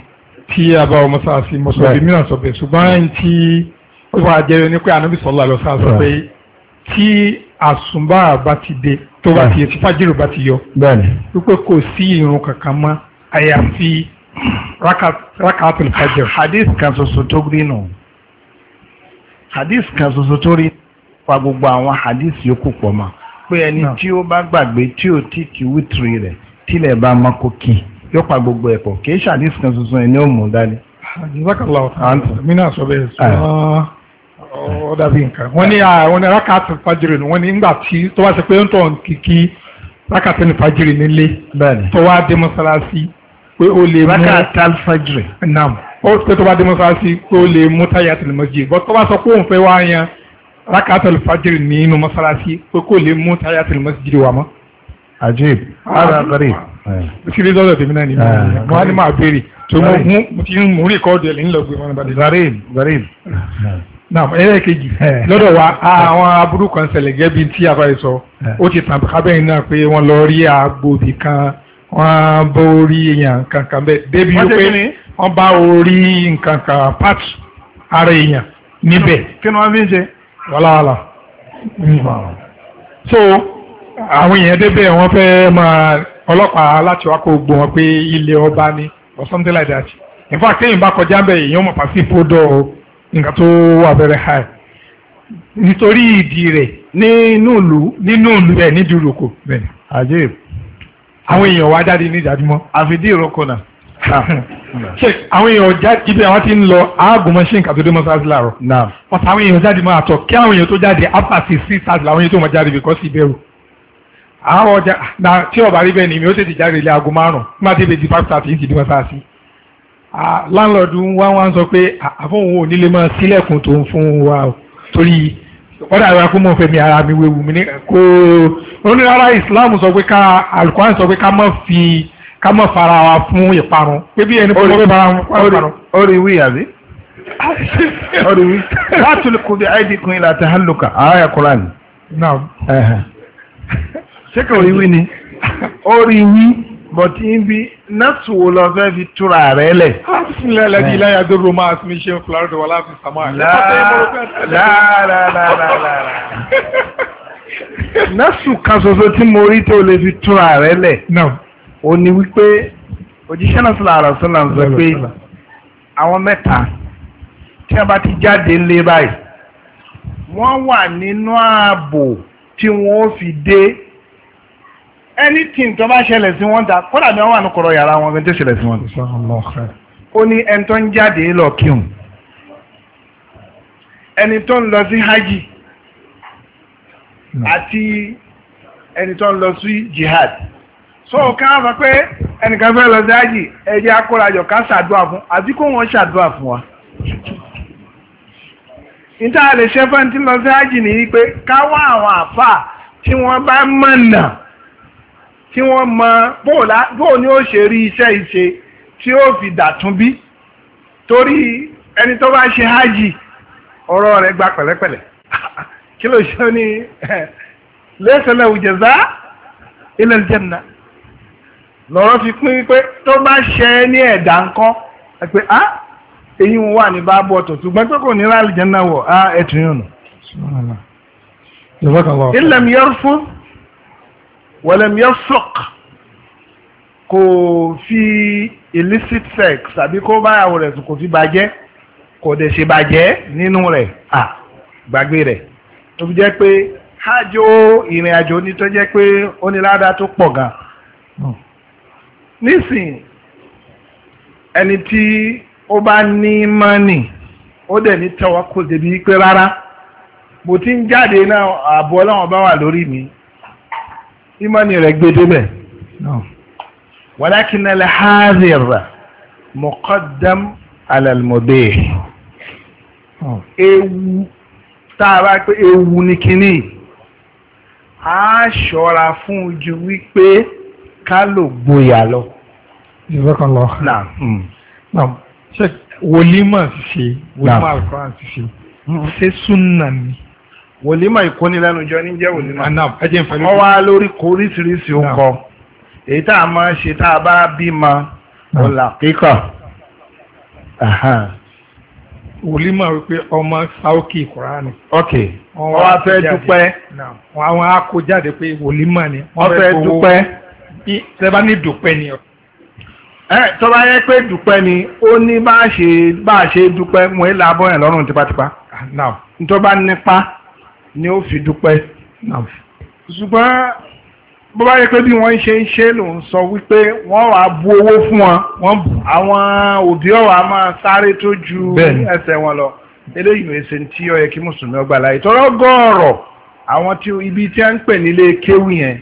tí a bá ọmọ sáà sí mọ́sọ̀bí mìíràn sọ bẹ́ẹ̀ ṣùgbọ́n tí ó wà jẹ́ ní pé ànábì sallallahu alaihi wasallam sọ pé tí àsùnbà bá ti dé tó bá ti yẹ tí fàjìrì bá ti yọ wípé kò sí irun kankan mọ́ àyàfi rákàtún fàjìrì. hadith kan ṣoṣo tó rí nù hadith kan ṣoṣo tó rí pa gbogbo àwọn hadith yòókù pọ̀ mọ́ pé ẹni tí ó bá gbàgbé tí ò tí kì wítìrì rẹ̀ tílẹ̀ bá má kó kí yóò pa gbogbo ẹ̀ pọ̀ kì í ṣe hadith kan ṣoṣo ẹ̀ ní òmùdálẹ́. àjẹsákàlá ọ̀tá mi náà sọ bẹ́ẹ̀ sọ ó dàbí nǹkan wọ́n ní àwọn rákàtì fàjìrì wọ́n ní ńgbà tí tó wá sí pé ó ń tọ̀ kìkì rákàtì fàjìrì nílé tó wá dé mọ́sálásí pé ó lè mú rákàtì fàjìrì naam ó pé tó bá dé mọ́sálásí pé ó lè mú táyà tẹ̀lé mọ́sálásí bọ́ tó bá sọ pé òun fẹ́ wá yan rákàtì fàjìrì nínú mọ́sálásí pé kó lè mú táyà tẹ̀lé mọ́sálásí wà mọ́. ajib ara kari. sírí lọ́dọ̀ tèmi náà ni eh, mo á ní máa béèrè tó mú mo ti mú rìkọ́ọ̀dù ẹ̀ lẹ́yìn lọ́gbẹ̀ẹ́ naam ẹlẹ́ẹ̀kejì eh. lọ́dọ̀ wa àwọn aburú kan ṣẹlẹ̀ gẹ́bí tí a sọ eh. ó ti tàn kábẹ́yìn náà pé wọ́n lọ rí agbóbi kan wọ́n bá orí èèyàn kankan bẹ́ẹ̀ débi wípé wọ́n bá orí nǹkan part ara èèyàn níbẹ̀. kí ni wọ́n fi ń ṣe. wàláwàlá so àwọn èèyàn débẹ̀ wọ́n fẹ́ máa ọlọ́pàá láti wá kó gbọ́ pé ilé ọba ni or something like that in fact téèyàn bá kọjá bẹ́ẹ̀ èèyàn mọ̀ pàṣípò dọ̀ ọ́ nǹkan tó wà very high nítorí ìdí rẹ̀ nínú ìlú nínú ìlú ẹ̀ nídìí ìrókò bẹ́ẹ̀ àjẹ́ àwọn èèyàn wá jáde ní ìdájúmọ́ àfidí ìrókò náà àwọn èèyàn jáde ibi àwọn tí ń lọ aago mọ́ ṣéǹkà tó dé mọ́sáàsì láàárọ̀ wọ́n táwọn èèyàn jáde máa tọ̀ kí àwọn èèyàn tó jáde apàtì sí sáàsì làwọn èèyàn tó máa jáde bìkọ́ sí ìbẹ̀rù àwọn ọjà tí ọba bẹ́ẹ̀ ni mi ó tètè jáde ilé aago márùn-ún nígbà landlord wá wá ń sọ pé àfọ̀hún ò nílé máa sílẹ̀kùn tó ń fún wa torí ọ̀dà àwọn akúmọ̀ fẹ́mi ara mi wéwu mi ní kó onírárá Islam sọ pé ká alukwani sọ pé ká má fi ká má fara wa fún ìparun pé bí ẹni pọ́n fara wọn fún ìparun. ó rí wí àbí ó rí wí láti kò bí àìdíkùn ilà àti hàlùkà ààyè Kùránì. ṣé kò rí wí ni ó rí wí but ibi nọ́ọ̀sì wo lọ fẹ́ fi túra rẹ lẹ̀. alhamdulilayi ladi ilaya do roma asimi se n filaru de wala fi sama. nọ́ọ̀sì kan ṣoṣo tí mo rí tó lè fi túra rẹ lẹ̀. o ní wípé òjíṣẹ́ náà sọ̀rọ̀ àrà sọ̀rọ̀ àǹsọ̀ pé àwọn mẹ́ta tí a bá ti jáde ńlé báyìí wọ́n wà nínú ààbò tí wọ́n fi dé anything tó bá ṣẹlẹ̀ sí wọn ta kódà bí wọ́n wà ní kọ̀rọ̀ yàrá wọn gbé tó ṣẹlẹ̀ sí wọn. ó ní ẹni tó ń jáde lọ kíhùn ẹni tó ń lọ sí hajj àti ẹni tó ń lọ sí jihad so ká sọ pé ẹnìkan fẹ́ lọ sí hajj ẹ jẹ́ akórajọ ká ṣàdúrà fún àbí kó wọ́n ṣàdúrà fún wa níta lè ṣe fẹ́ tí lọ sí hajj nìyí pé ká wá àwọn àfà tí wọ́n bá mọ̀nà kí wọ́n mọ bóò ni ó ṣe rí iṣẹ́ ìṣe tí ó fi dàtún bí torí ẹni tó bá ṣe hájì ọ̀rọ̀ rẹ̀ gba pẹ̀lẹ́pẹ̀lẹ́ kí ló ṣe ní lẹ́sẹ̀lẹ̀ òjẹ̀zá ilẹ̀ jẹ́nà lọ́rọ̀ fi pín pé tó bá ṣe ní ẹ̀dá ńkọ́ pé á ah, èyí wà ní báàbọ̀ ọ̀tọ̀ ṣùgbọ́n kò ní rálì jẹ́nà wọ̀ á ẹ̀tún yòònù. ilẹ̀ mi yọrù fún wọlẹ́m yẹn sọ̀k kò fi illicit sex àbí kó báyàwó rẹ̀ sùn kò fi bàjẹ́ kò dẹ̀ ṣe bàjẹ́ nínú rẹ̀ à gbàgbé rẹ̀ tó fi jẹ́ pé hájò ìrìn àjò ní tó jẹ́ pé ó ní ládàá tó pọ̀ gan nísìn ẹni tí ó bá ní mọ́nì ó dẹ̀ ní tẹ́wọ́ kó débi pé rárá mo ti ń jáde náà ààbò ọlọ́run bá wà lórí mi ìmánì rẹ̀ gbede bẹ́ẹ̀ walakin al-hazir muqaddam ala al-mubih ewu tá a bá pé ewu ni kínní a ṣọ́ra fún ju wípé ká lò gboyà lọ. ìrọ́kànlọ́ náà wòlímọ̀ ṣe wòlímọ̀ alukóran ṣe ṣe súnà ni wòlímà ìkónilẹ́nujọ ní jẹ́ wòlímà ah, wọ́n wá lórí oríṣiríṣi ọkọ èyí tá a máa ṣe tá a bá bímọ ọ̀là kíkọ̀ wòlímà wípé ọmọ sáókì kùránì wọ́n wá fẹ́ dúpẹ́ àwọn akójáde pé wòlímà ni wọ́n fẹ́ dúpẹ́ tẹ́ bá ní dúpẹ́ ni tó bá yẹ pé dúpẹ́ ni ó ní bá ṣe bá ṣe dúpẹ́ mo ń labọ́ yẹn lọ́rùn tipátipá ah, tó bá nípa ni ó fi dúpẹ́ náà ṣùgbọ́n bó bá yẹ pé bí wọ́n ṣe ń ṣe ló ń sọ wípé wọ́n wàá bu owó fún wọn àwọn òbí ọ̀wà máa sáré tó ju ẹsẹ̀ wọn lọ eléyìí èsè tí ó yẹ kí mùsùlùmí ọgbà láyé tọrọ gọọrọ àwọn tí ibi tí a ń pè nílé kéwì yẹn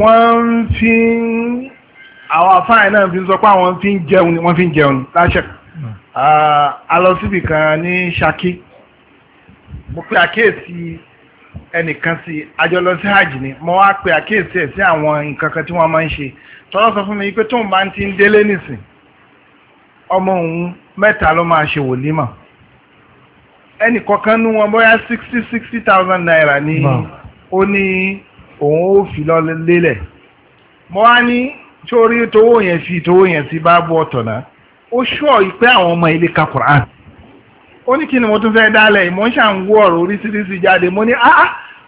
wọ́n fi ń àwọn afáàyè náà fi ń sọ pé àwọn fi ń jẹun wọ́n fi ń jẹun láṣẹ ah, a lọ síbì kan ní Ṣakí mo pe àkíyèsí ẹnìkan sí àjọlọsí hajj ni mo wá pe àkíyèsí ẹ̀ sí àwọn nǹkan kan tí wọ́n máa ń ṣe tọ́lọ́ sọ fún mi pé tóun bá ń ti ń délé nìsín ọmọ òun mẹ́ta ló máa ṣe wòlímọ̀ ẹnì kọ̀ọ̀kan nú wọn bóyá sixty sixty thousand naira ni ó ní òun ó fi lọ lélẹ̀ mo wá ní sórí tówó yẹn fi tówó yẹn sí bá bọ́ ọ̀tọ̀ náà ó ṣọ́ ìpẹ́ àwọn ọmọ ilé ka ó ní kí mo tún fẹ́ dálẹ̀ mo ń ṣàǹgó ọ̀rọ̀ oríṣiríṣi jáde mo ní áá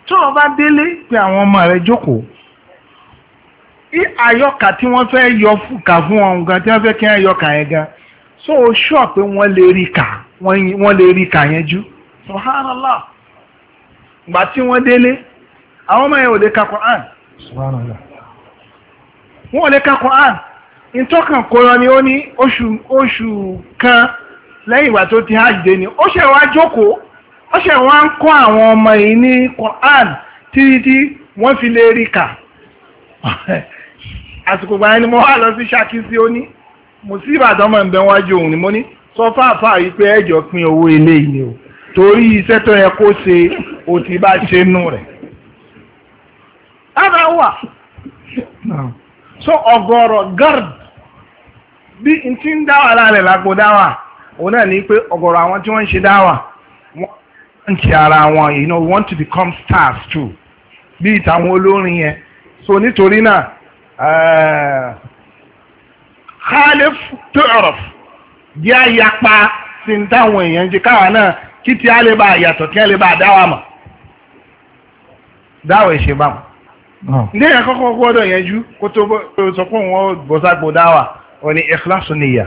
tó o bá délé pé àwọn ọmọ rẹ jókòó àyọkà tí wọ́n fẹ́ yọ kà fún wọn gan tí wọ́n fẹ́ kí wọ́n yọkà yẹn gan so o ṣọ́ pé wọ́n lè rí kà wọ́n lè rí kà yẹn jú subhanallah gbà tí wọ́n délé àwọn ọmọ yẹn ò lè ka Quran subhanallah wọ́n ò lè ka Quran ìtọ́kàn kó ni ó ní oṣù oṣù kan. lẹ́yìn ìgbà tó ti hajj dé ni ó ṣẹ̀ wá jókòó ó ṣẹ̀ wá ń kọ́ àwọn ọmọ yìí ní Quran títí tí wọ́n fi lè rí kà àsìkò gbà yẹn ni mo wá lọ sí Ṣakí sí ó ní mo sí Ìbàdàn mọ̀ nbẹ wájú òun ni mo ní sọ fáfá yìí pé ẹjọ́ pín owó eléyìí ni o torí iṣẹ́ tó yẹ kó ṣe o ti bá ṣe nù rẹ̀. ara wà so ọ̀gọ̀rọ̀ gard bí n ti ń dá wàhálà rẹ̀ lágbo dá wà òun náà ní pé ọ̀gọ̀rọ̀ àwọn tí wọ́n ń ṣe dáwà wọ́n ń ṣe ara wọn you know want to become stars too bí ìtàwọn olórin yẹn so nítorí náà eh, khalif tu'raf jẹ́ àyàpá sí ní táwọn èèyàn jẹ́ káwa náà kí tí a lè bá yàtọ̀ kí a lè bá dáwà mọ̀ dáwà ìṣe báwọn ndé hmm. yẹn kọ́kọ́ gbọ́dọ̀ yẹn jú kó sọ pé wọ́n bọ́sàgbò dáwà wọ́n ní ikhlasu niyya.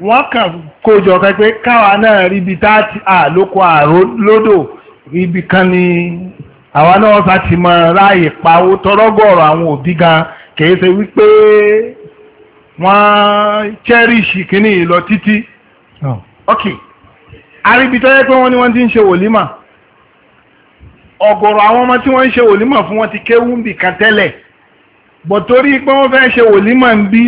wọ́n kàn kójọ kan pé káwa náà ríbi táàtì àlókò àrò lódò ríbi kan ni àwa náà sá ti mọ ráàyè pawó tọrọgọrọ àwọn òbí gan kìí ṣe wípé wọ́n chẹ́rìṣì kínní lọ títí ok àríbi tó yẹ pé wọ́n ní wọ́n ti ń ṣe wòlímà ọ̀gọ̀rọ̀ àwọn ọmọ tí wọ́n ń ṣe wòlímà fún wọn ti kéwú bì kan tẹ́lẹ̀ bọ̀ torí pé wọ́n fẹ́ ṣe wòlímà ń bí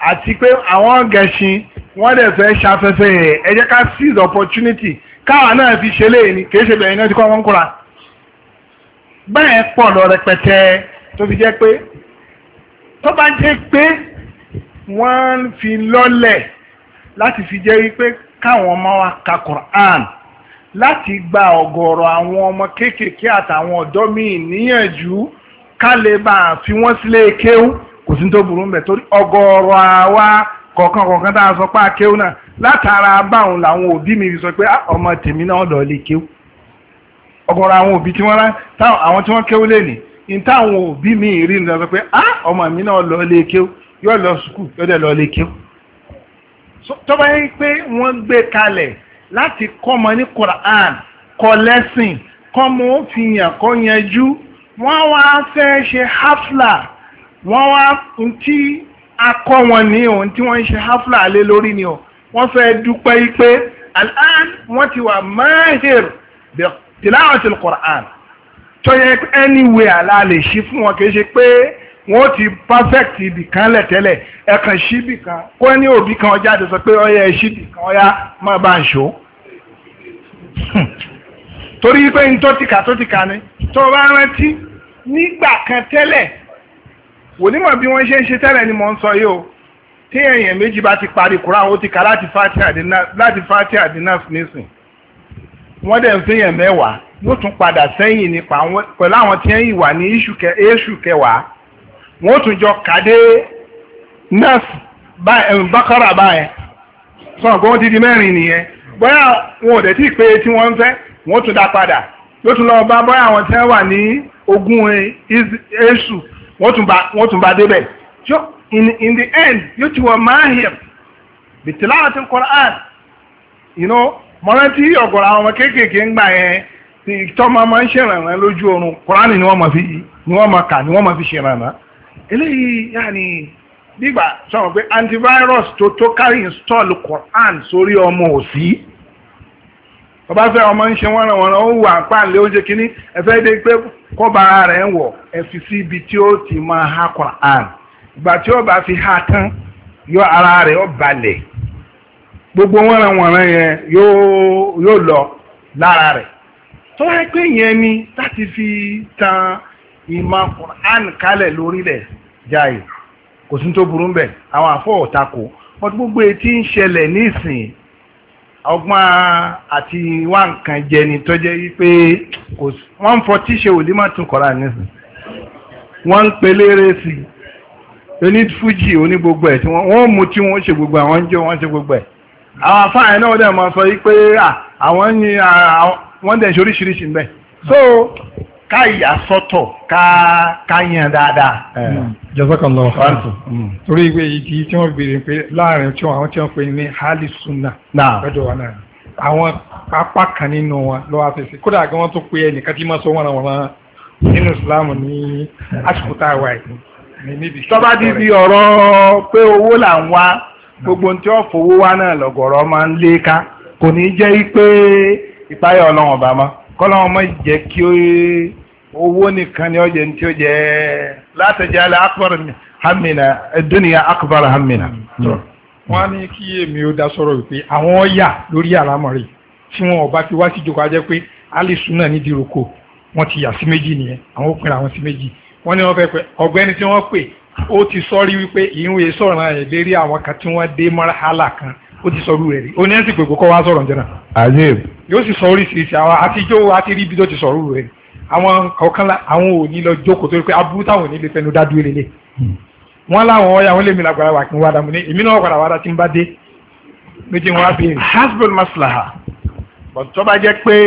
àti pé àwọn gẹ̀ṣin wọ́n dẹ̀ fẹ́ ṣafẹ́fẹ́ ẹ̀ ẹ jẹ́ ká seize opportunity káwa náà fi ṣe léyìn ni kì í ṣe bẹ̀rẹ̀ iná tí kọ́ wọ́n ń kóra bẹ́ẹ̀ pọ̀ lọ rẹpẹtẹ tó fi jẹ́ pé tó bá jẹ́ pé wọ́n fi lọ́lẹ̀ láti fi jẹ́ wípé káwọn ọmọ wa ka Quran láti gba ọ̀gọ̀rọ̀ àwọn ọmọ kéékèèké àtàwọn ọ̀dọ́ míì níyànjú ká lè bá fi wọ́n sílé kéwú kò sí tó burú mbẹ̀ torí ọ̀gọ̀rọ̀ àwa kọ̀ọ̀kan kọ̀ọ̀kan tá a sọ pé akéwù náà látara báwọn làwọn òbí mi sọ pé ah, ọmọ tèmi náà lọ lè kéwù ọ̀gọ̀rọ̀ àwọn òbí tí wọ́n rán àwọn tí wọ́n kéwù lè ní táwọn òbí mi rí ni sọ pé ah, ọmọ mi náà lọ lè kéwù yóò lọ sùkúù yóò dẹ̀ lọ lè kéwù tó bá yẹ pé wọ́n gbé kalẹ̀ láti kọ́mọ ní Quran kọ́ lẹ́sìn kọ́mọ ó fi yàn kọ́ yanjú wọ́n wá fẹ́ ṣe hafla wọ́n wá tí akọ́ wọn ní ohun tí wọ́n ń ṣe hafla alẹ́ lórí ni ọ wọ́n fẹ́ dúpẹ́ pé al'an wọ́n ti wà mahir tilawatil Qur'an tó yẹ anywhere àlá lè ṣí fún wọn kìí ṣe pé wọ́n ti perfect ibì kan lẹ̀tẹ́lẹ̀ ẹ̀kan ṣí bì kan kó ní òbí kan ọjà tó sọ pé ọyẹ ṣí bì kan ọyá má bá ń ṣó torí pé n tó ti kà tó ti kà ni tó bá rántí nígbà kan tẹ́lẹ̀ wòlímọ̀ bí wọ́n ṣe ń ṣe tẹ́lẹ̀ ni mò ń sọ yìí o tí èèyàn méjì bá ti parí Kùránì ó ti kà láti fati àdínà nísìn wọ́n dẹ̀ ń fi èèyàn mẹ́wàá yóò tún padà sẹ́yìn nípa pẹ̀lú àwọn tí ń ìwà ní èṣù kẹwàá wọ́n tún jọ kàdé nọ́ọ̀sì bákọ́rà báyẹn sọ̀rọ̀ pé wọ́n ti di mẹ́rin nìyẹn bóyá wọn ò dẹ̀ tí ì pé tí wọ́n ń fẹ́ wọ́n tún dá padà yóò tún lọ bá bóyá àwọn tí wọ́n wà ní ogún èṣù wọ́n tún bá débẹ̀ in in the end yóò ti wọ mahir bitilawati Quran you know mọ́rántí ọ̀gọ̀rọ̀ àwọn kéékèèké ń gbà yẹn tọ́mọ máa ń ṣèrànràn lójú oorun Quran ni wọ́n máa fi ni wọ́n máa kà ni wọ́n máa fi ṣèrànràn eléyìí yáàni nígbà sọ̀rọ̀ pé antivirus tó tó kárí install Quran sórí ọmọ òsì. ọba fẹ́ ọmọ ń ṣe wọ́nà wọ́nà ó wà páàlẹ́ oúnjẹ kínní ẹ̀fẹ́ dé pé kọ́ba rẹ̀ ń wọ̀ sí ti máa ha ìgbà tí ó bá fi ha tán yọ ara rẹ̀ ó balẹ̀ gbogbo wọ́nà yẹn yóò lọ lára rẹ̀ tó wáyé pé yẹn fi tan ìmọ̀ lórílẹ̀ jáì kò sí tó burú àwọn àfọ̀ wọ́n ọgbọ́n àti wá nǹkan jẹ ni tó jẹ́ wípé wọ́n ń fọ tíṣe òlí má tún kọ́ra nísìn wọ́n ń pelére sí oní fújì oní gbogbo ẹ̀ tí wọ́n mú tí wọ́n ṣe gbogbo àwọn jọ wọ́n ṣe gbogbo ẹ̀ àwọn afáàyàn náà dẹ̀ máa sọ wípé àwọn ní dẹ̀ ṣe oríṣiríṣi so ká ìyà sọ́tọ̀ ká yàn dáadáa. jọ́sọ́kan lọ fáńtù torí ìwé ìdí tí wọ́n béèrè pé láàrin tí tí wọ́n pè ní hali lọ́dọ̀ náà àwọn apá kan nínú wọn lọ́wọ́ kódà tó pé tí máa sọ wọ́n nínú Islam ní àsìkò tá a wà yìí. tọ́ba di bí ọ̀rọ̀ pé owó là ń wá gbogbo tí wọ́n fowó wá náà lọ́gọ̀ọ̀rọ̀ máa ń lé ká kò ní jẹ́ pé máa. kọ́lọ́ ọmọ jẹ́ kí owó nìkan ni ó jẹ́ tí ó jẹ́ látẹ̀jẹ́ alẹ́ akbar hamina dúnìyà akbar hamina. Mm. Mm. wọ́n ní kí èmi ó dá sọ́rọ̀ wípé àwọn ọ̀yà lórí àlámọ̀rí tí wọn ò bá ti wá sí pé náà ní wọ́n ti yà sí méjì nìyẹn àwọn òpin àwọn sí méjì wọ́n ní wọ́n fẹ́ ọ̀gbẹ́ni tí wọ́n pè ó ti sọ́rí wípé ìhun èso ọ̀ràn ẹ̀ lérí àwọn kan tí wọ́n dé ó ti sọrú rẹ̀ rí ó ní ẹ́ sì pé kókó wá sọ̀rọ̀ njẹ́nà. azib. yóò sì sọ oríṣiríṣi àwọn àtijọ́ àti rí ibi tó ti sọrú rẹ̀ àwọn kọ̀ọ̀kan àwọn ò ní lọ jókòó torí pé aburú táwọn ò ní lè fẹnu dá dúró lélẹ̀. Hmm. wọ́n láwọn ọ̀ya wọn lè mi lágbára wà kí n wá dàmú ní èmi náà padà wá dá tí n bá dé méjì wọn á béèrè. hasbul maslaha bọ̀tọ́ bá jẹ́ pé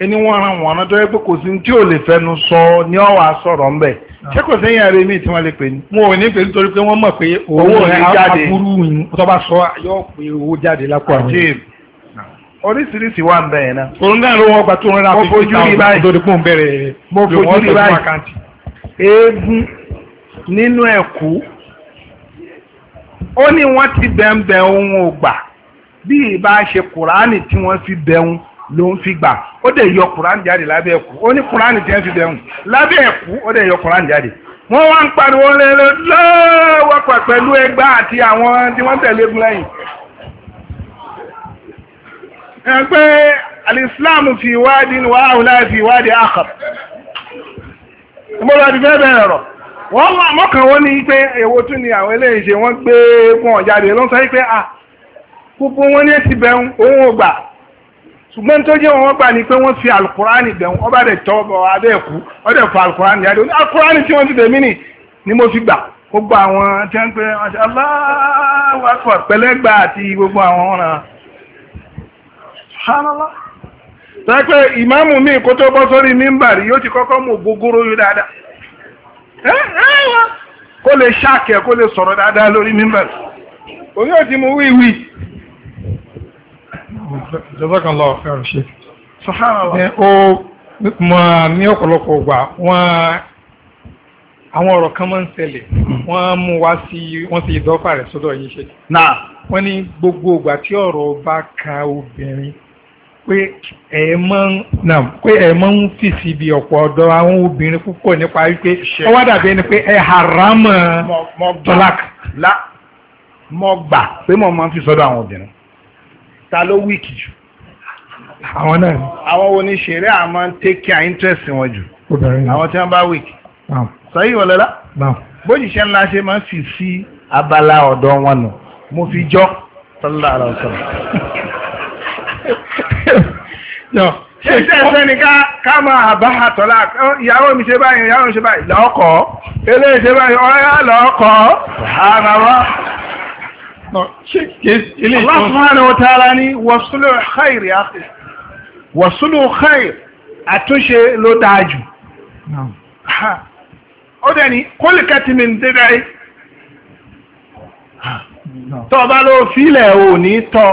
ẹni wọ́n ran wọn náà tó yẹ pé kò sí tí ò lè fẹnu sọ ní ọ̀wà sọ̀rọ̀ ńbẹ̀ ṣé kò sẹ́yìn ààrẹ mi tí wọ́n lè pè ní. mo ò ní pè nítorí pé wọ́n mọ̀ pé owó rẹ̀ jáde aburú tó bá sọ yóò pé owó jáde lápò àwọn èèyàn. oríṣiríṣi wà ń bẹ̀rẹ̀ náà. òun náà ló wọ́n gba tó ń rẹ́ra fifty thousand tó dìpọ̀ ń bẹ̀rẹ̀ mo fojú rí báyìí ló ń fi gbà ó dẹ̀ yọ kùránì jáde lábẹ́ ẹ̀kú ó ní kùránì tẹ́ fi bẹ̀rù lábẹ́ ẹ̀kú ó dẹ̀ yọ kùránì jáde wọ́n wá ń pariwo lẹ́lẹ́ lọ́wọ́pọ̀ pẹ̀lú ẹgbà àti àwọn tí wọ́n tẹ̀lé egun lẹ́yìn ẹgbẹ́ alìsílámù fi ìwádìí ni wàá hùlá fi ìwádìí àkàr ìmọ̀lá ti fẹ́ bẹ̀rẹ̀ rọ̀ wọ́n wá mọ́kàn wọ́n ní pé èwo tún ni àwọn eléyìí ṣe wọ́n gbé ah, wọn jáde ló ń sọ ṣùgbọ́n tó jẹ́ wọn gbà ní pé wọ́n fi alukurani bẹ̀rù ọba rẹ̀ tọ́ ọba ẹ̀kú ọdẹ fọ alukurani yàrá alukurani tí wọ́n ti bẹ̀ nì ni mo fi gbà gbogbo àwọn tí wọ́n gbogbo àwọn ọrụ hánàlá. sọ ìmáàmù mi kó tó bọ́ sórí mímbàrí yóò ti kọ́kọ́ mú yóò dáadáa kó lè ṣáàkẹ́ kó lè sọ̀rọ̀ dáadáa lórí mímbàrí òun yóò ti mú jazakallah khairan sheikh sahara ó máa ní ọ̀pọ̀lọpọ̀ ọgbà wọ́n àwọn ọ̀rọ̀ kan máa ń ṣẹlẹ̀ wọ́n mú wá sí wọ́n sì ìdọ́fà rẹ̀ sọ́dọ̀ yìí ṣe náà wọ́n ní gbogbo ìgbà tí ọ̀rọ̀ bá kan obìnrin pé ẹ̀ máa ń nà pé ẹ̀ máa ń fì sí ibi ọ̀pọ̀ ọ̀dọ̀ àwọn obìnrin púpọ̀ nípa wípé ó wá dàbí ẹni pé ẹ̀ haram tọ́lák. mo pé mo máa fi sọ́dọ̀ àwọn obìnrin ta ló wíìkì jù. àwọn náà ni. àwọn wo ni ṣeré àmọ́ ń take care interest wọn jù. obìnrin náà àwọn tí wọ́n bá wíìkì. sọ yìí wọlé la. bójìṣẹ́ ńlá ṣe máa ń fi sí abala ọ̀dọ́ wọn nù mo fi jọ́ sọlá ara sọ̀rọ̀. ṣe ṣe ṣe ni ká máa bá àtọ́lá ìyàwó mi ṣe báyìí ìyàwó mi ṣe báyìí lọ́kọ̀ọ́ eléyìí ṣe báyìí ọ̀rẹ́ lọ́kọ̀ọ́ àmàwọ́. Allah subhanahu wa ta'ala ní wàsúlù khair ya wàsúlù khair àtúnṣe ló dájú ó dẹ̀ ní kólìkẹ́tì mi ń dédé tọ́ bá ló fílẹ̀ ò ní tọ́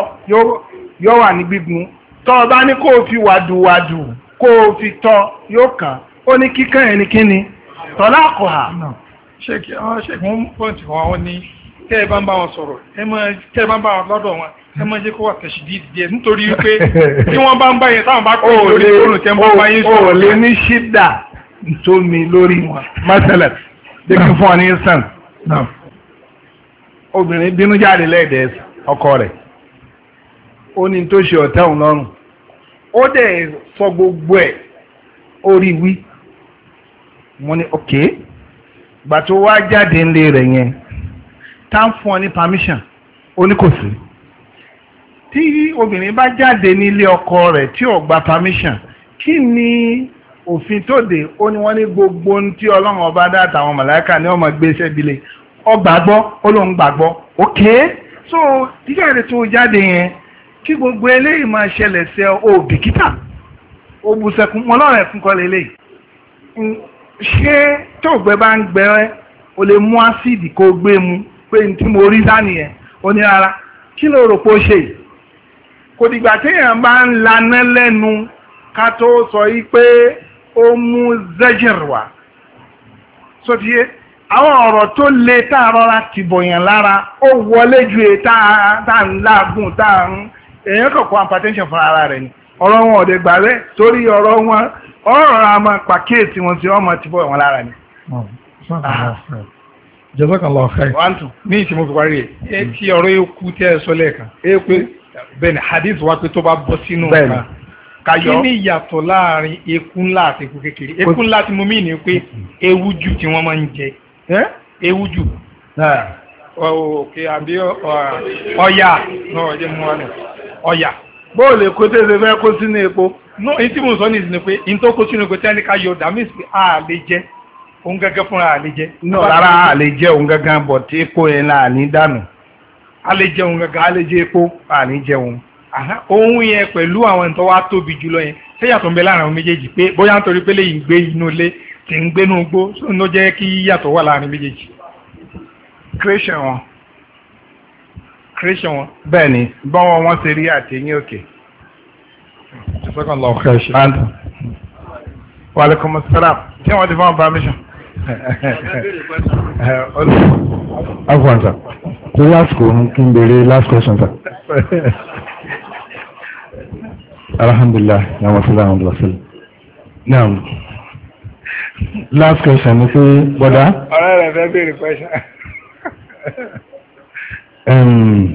yóò wà ní gbígun tọ́ bá ní kó fi wàdùwàdù kó fi tọ́ yóò kàn ó ní kíkàn ẹnikíni tọ́lá kò hà. ṣé kí wọ́n ṣe fún pọ́ǹtì ní tẹ́ ẹ bá ń bá wọn sọ̀rọ̀ ẹ máa tẹ́ ẹ bá ń bá wọn lọ́dọ̀ wọn ẹ máa jẹ́ kó wà tẹ̀sí díẹ̀ díẹ̀ nítorí pé tí wọ́n bá ń bá yẹn táwọn bá kọ́ lórí fóònù tẹ́ ń bá bá yín sọ̀rọ̀. o lè ní ṣídà sàn. obìnrin bínú jáde lẹ́ẹ̀dẹ̀ ọkọ rẹ̀ ó ní tó ṣe ọ̀tẹ́ tá ń fún ọ ní permission ó ní kò sí tí obìnrin bá jáde nílé ọkọ rẹ̀ tí ò gba permission kí ni òfin tó dé ó ní wọ́n ní gbogbo ohun tí ọlọ́run ọba dá àtàwọn màláíkà ní ọmọ gbé sẹ́bílẹ̀ ó gbàgbọ́ ó lóun gbàgbọ́ ok so jíjáde tó jáde yẹn kí gbogbo eléyìí máa ṣẹlẹ̀ sí ọ bìkítà ó bu sẹ́kùn mọ́ lọ́rọ̀ ẹ̀kún kọ́ lélẹ̀ ṣé tó gbẹ bá ń gbẹ ó lè mú ásíìdì kó gbé mu pé n tí mo rí sánìyẹn ó kí ló rò pé ó ṣe kò dìgbà téèyàn bá ń laná lẹ́nu ká tó sọ yìí pé ó mú zẹ́jìr wá àwọn ọ̀rọ̀ tó le tá a rọra ti bọ̀yàn lára ó wọlé ju ètà tá a ń láàgùn tá a ń èèyàn fún ara rẹ̀ ni ọ̀rọ̀ wọn ò dé gbà rẹ̀ torí ọ̀rọ̀ wọn ọ̀rọ̀ pàkíyèsí wọn sí ọmọ ti lára ni. Hmm. jazakallah khair. wà á tún ní ìtìmọ̀ tó parí ẹ̀ tí ọ̀rọ̀ yóò tẹ́ ẹ sọ lẹ́ẹ̀kan. ẹ pé bẹ́ẹ̀ hadith wa pé tó bá bọ́ sínú nǹkan kayọ kí ni ìyàtọ̀ láàrin eku ńlá àti eku kékeré eku ńlá tí mo mí ni pé ewu jù tí wọ́n máa ń jẹ ewu jù òkè àbí ọ̀yà náà ọ̀jẹ̀ mú wa nù ọ̀yà. bóòlù èkó tẹ́ ṣe fẹ́ kó sínú epo. no ìtí mo sọ ní ni pé ìtọ́kó sínú epo tí wọ́n jẹ́. òun gẹ́gẹ́ fúnra àlejẹ́. náà rárá àlejẹ́ òun gẹ́gẹ́ bọ̀ tí epo yẹn náà ní dànù. àlejẹ́ òun gẹ́gẹ́ àlejẹ́ epo ohun yẹn pẹ̀lú àwọn ìtọ́ wa tóbi jùlọ yẹn sẹ́yàtọ̀ ń bẹ láàrin àwọn méjèèjì pé bóyá nítorí pé gbé inú ilé tí ń gbénú gbó jẹ́ kí wà láàrin ti afwan sir tó last question, kí n béèrè last question sir. Alhamdulillah, yàrá sílẹ̀ àwọn ọ̀dọ́ now last question ni pé bọ́dá. ọ̀rẹ́ rẹ̀ fẹ́ béèrè question. Um,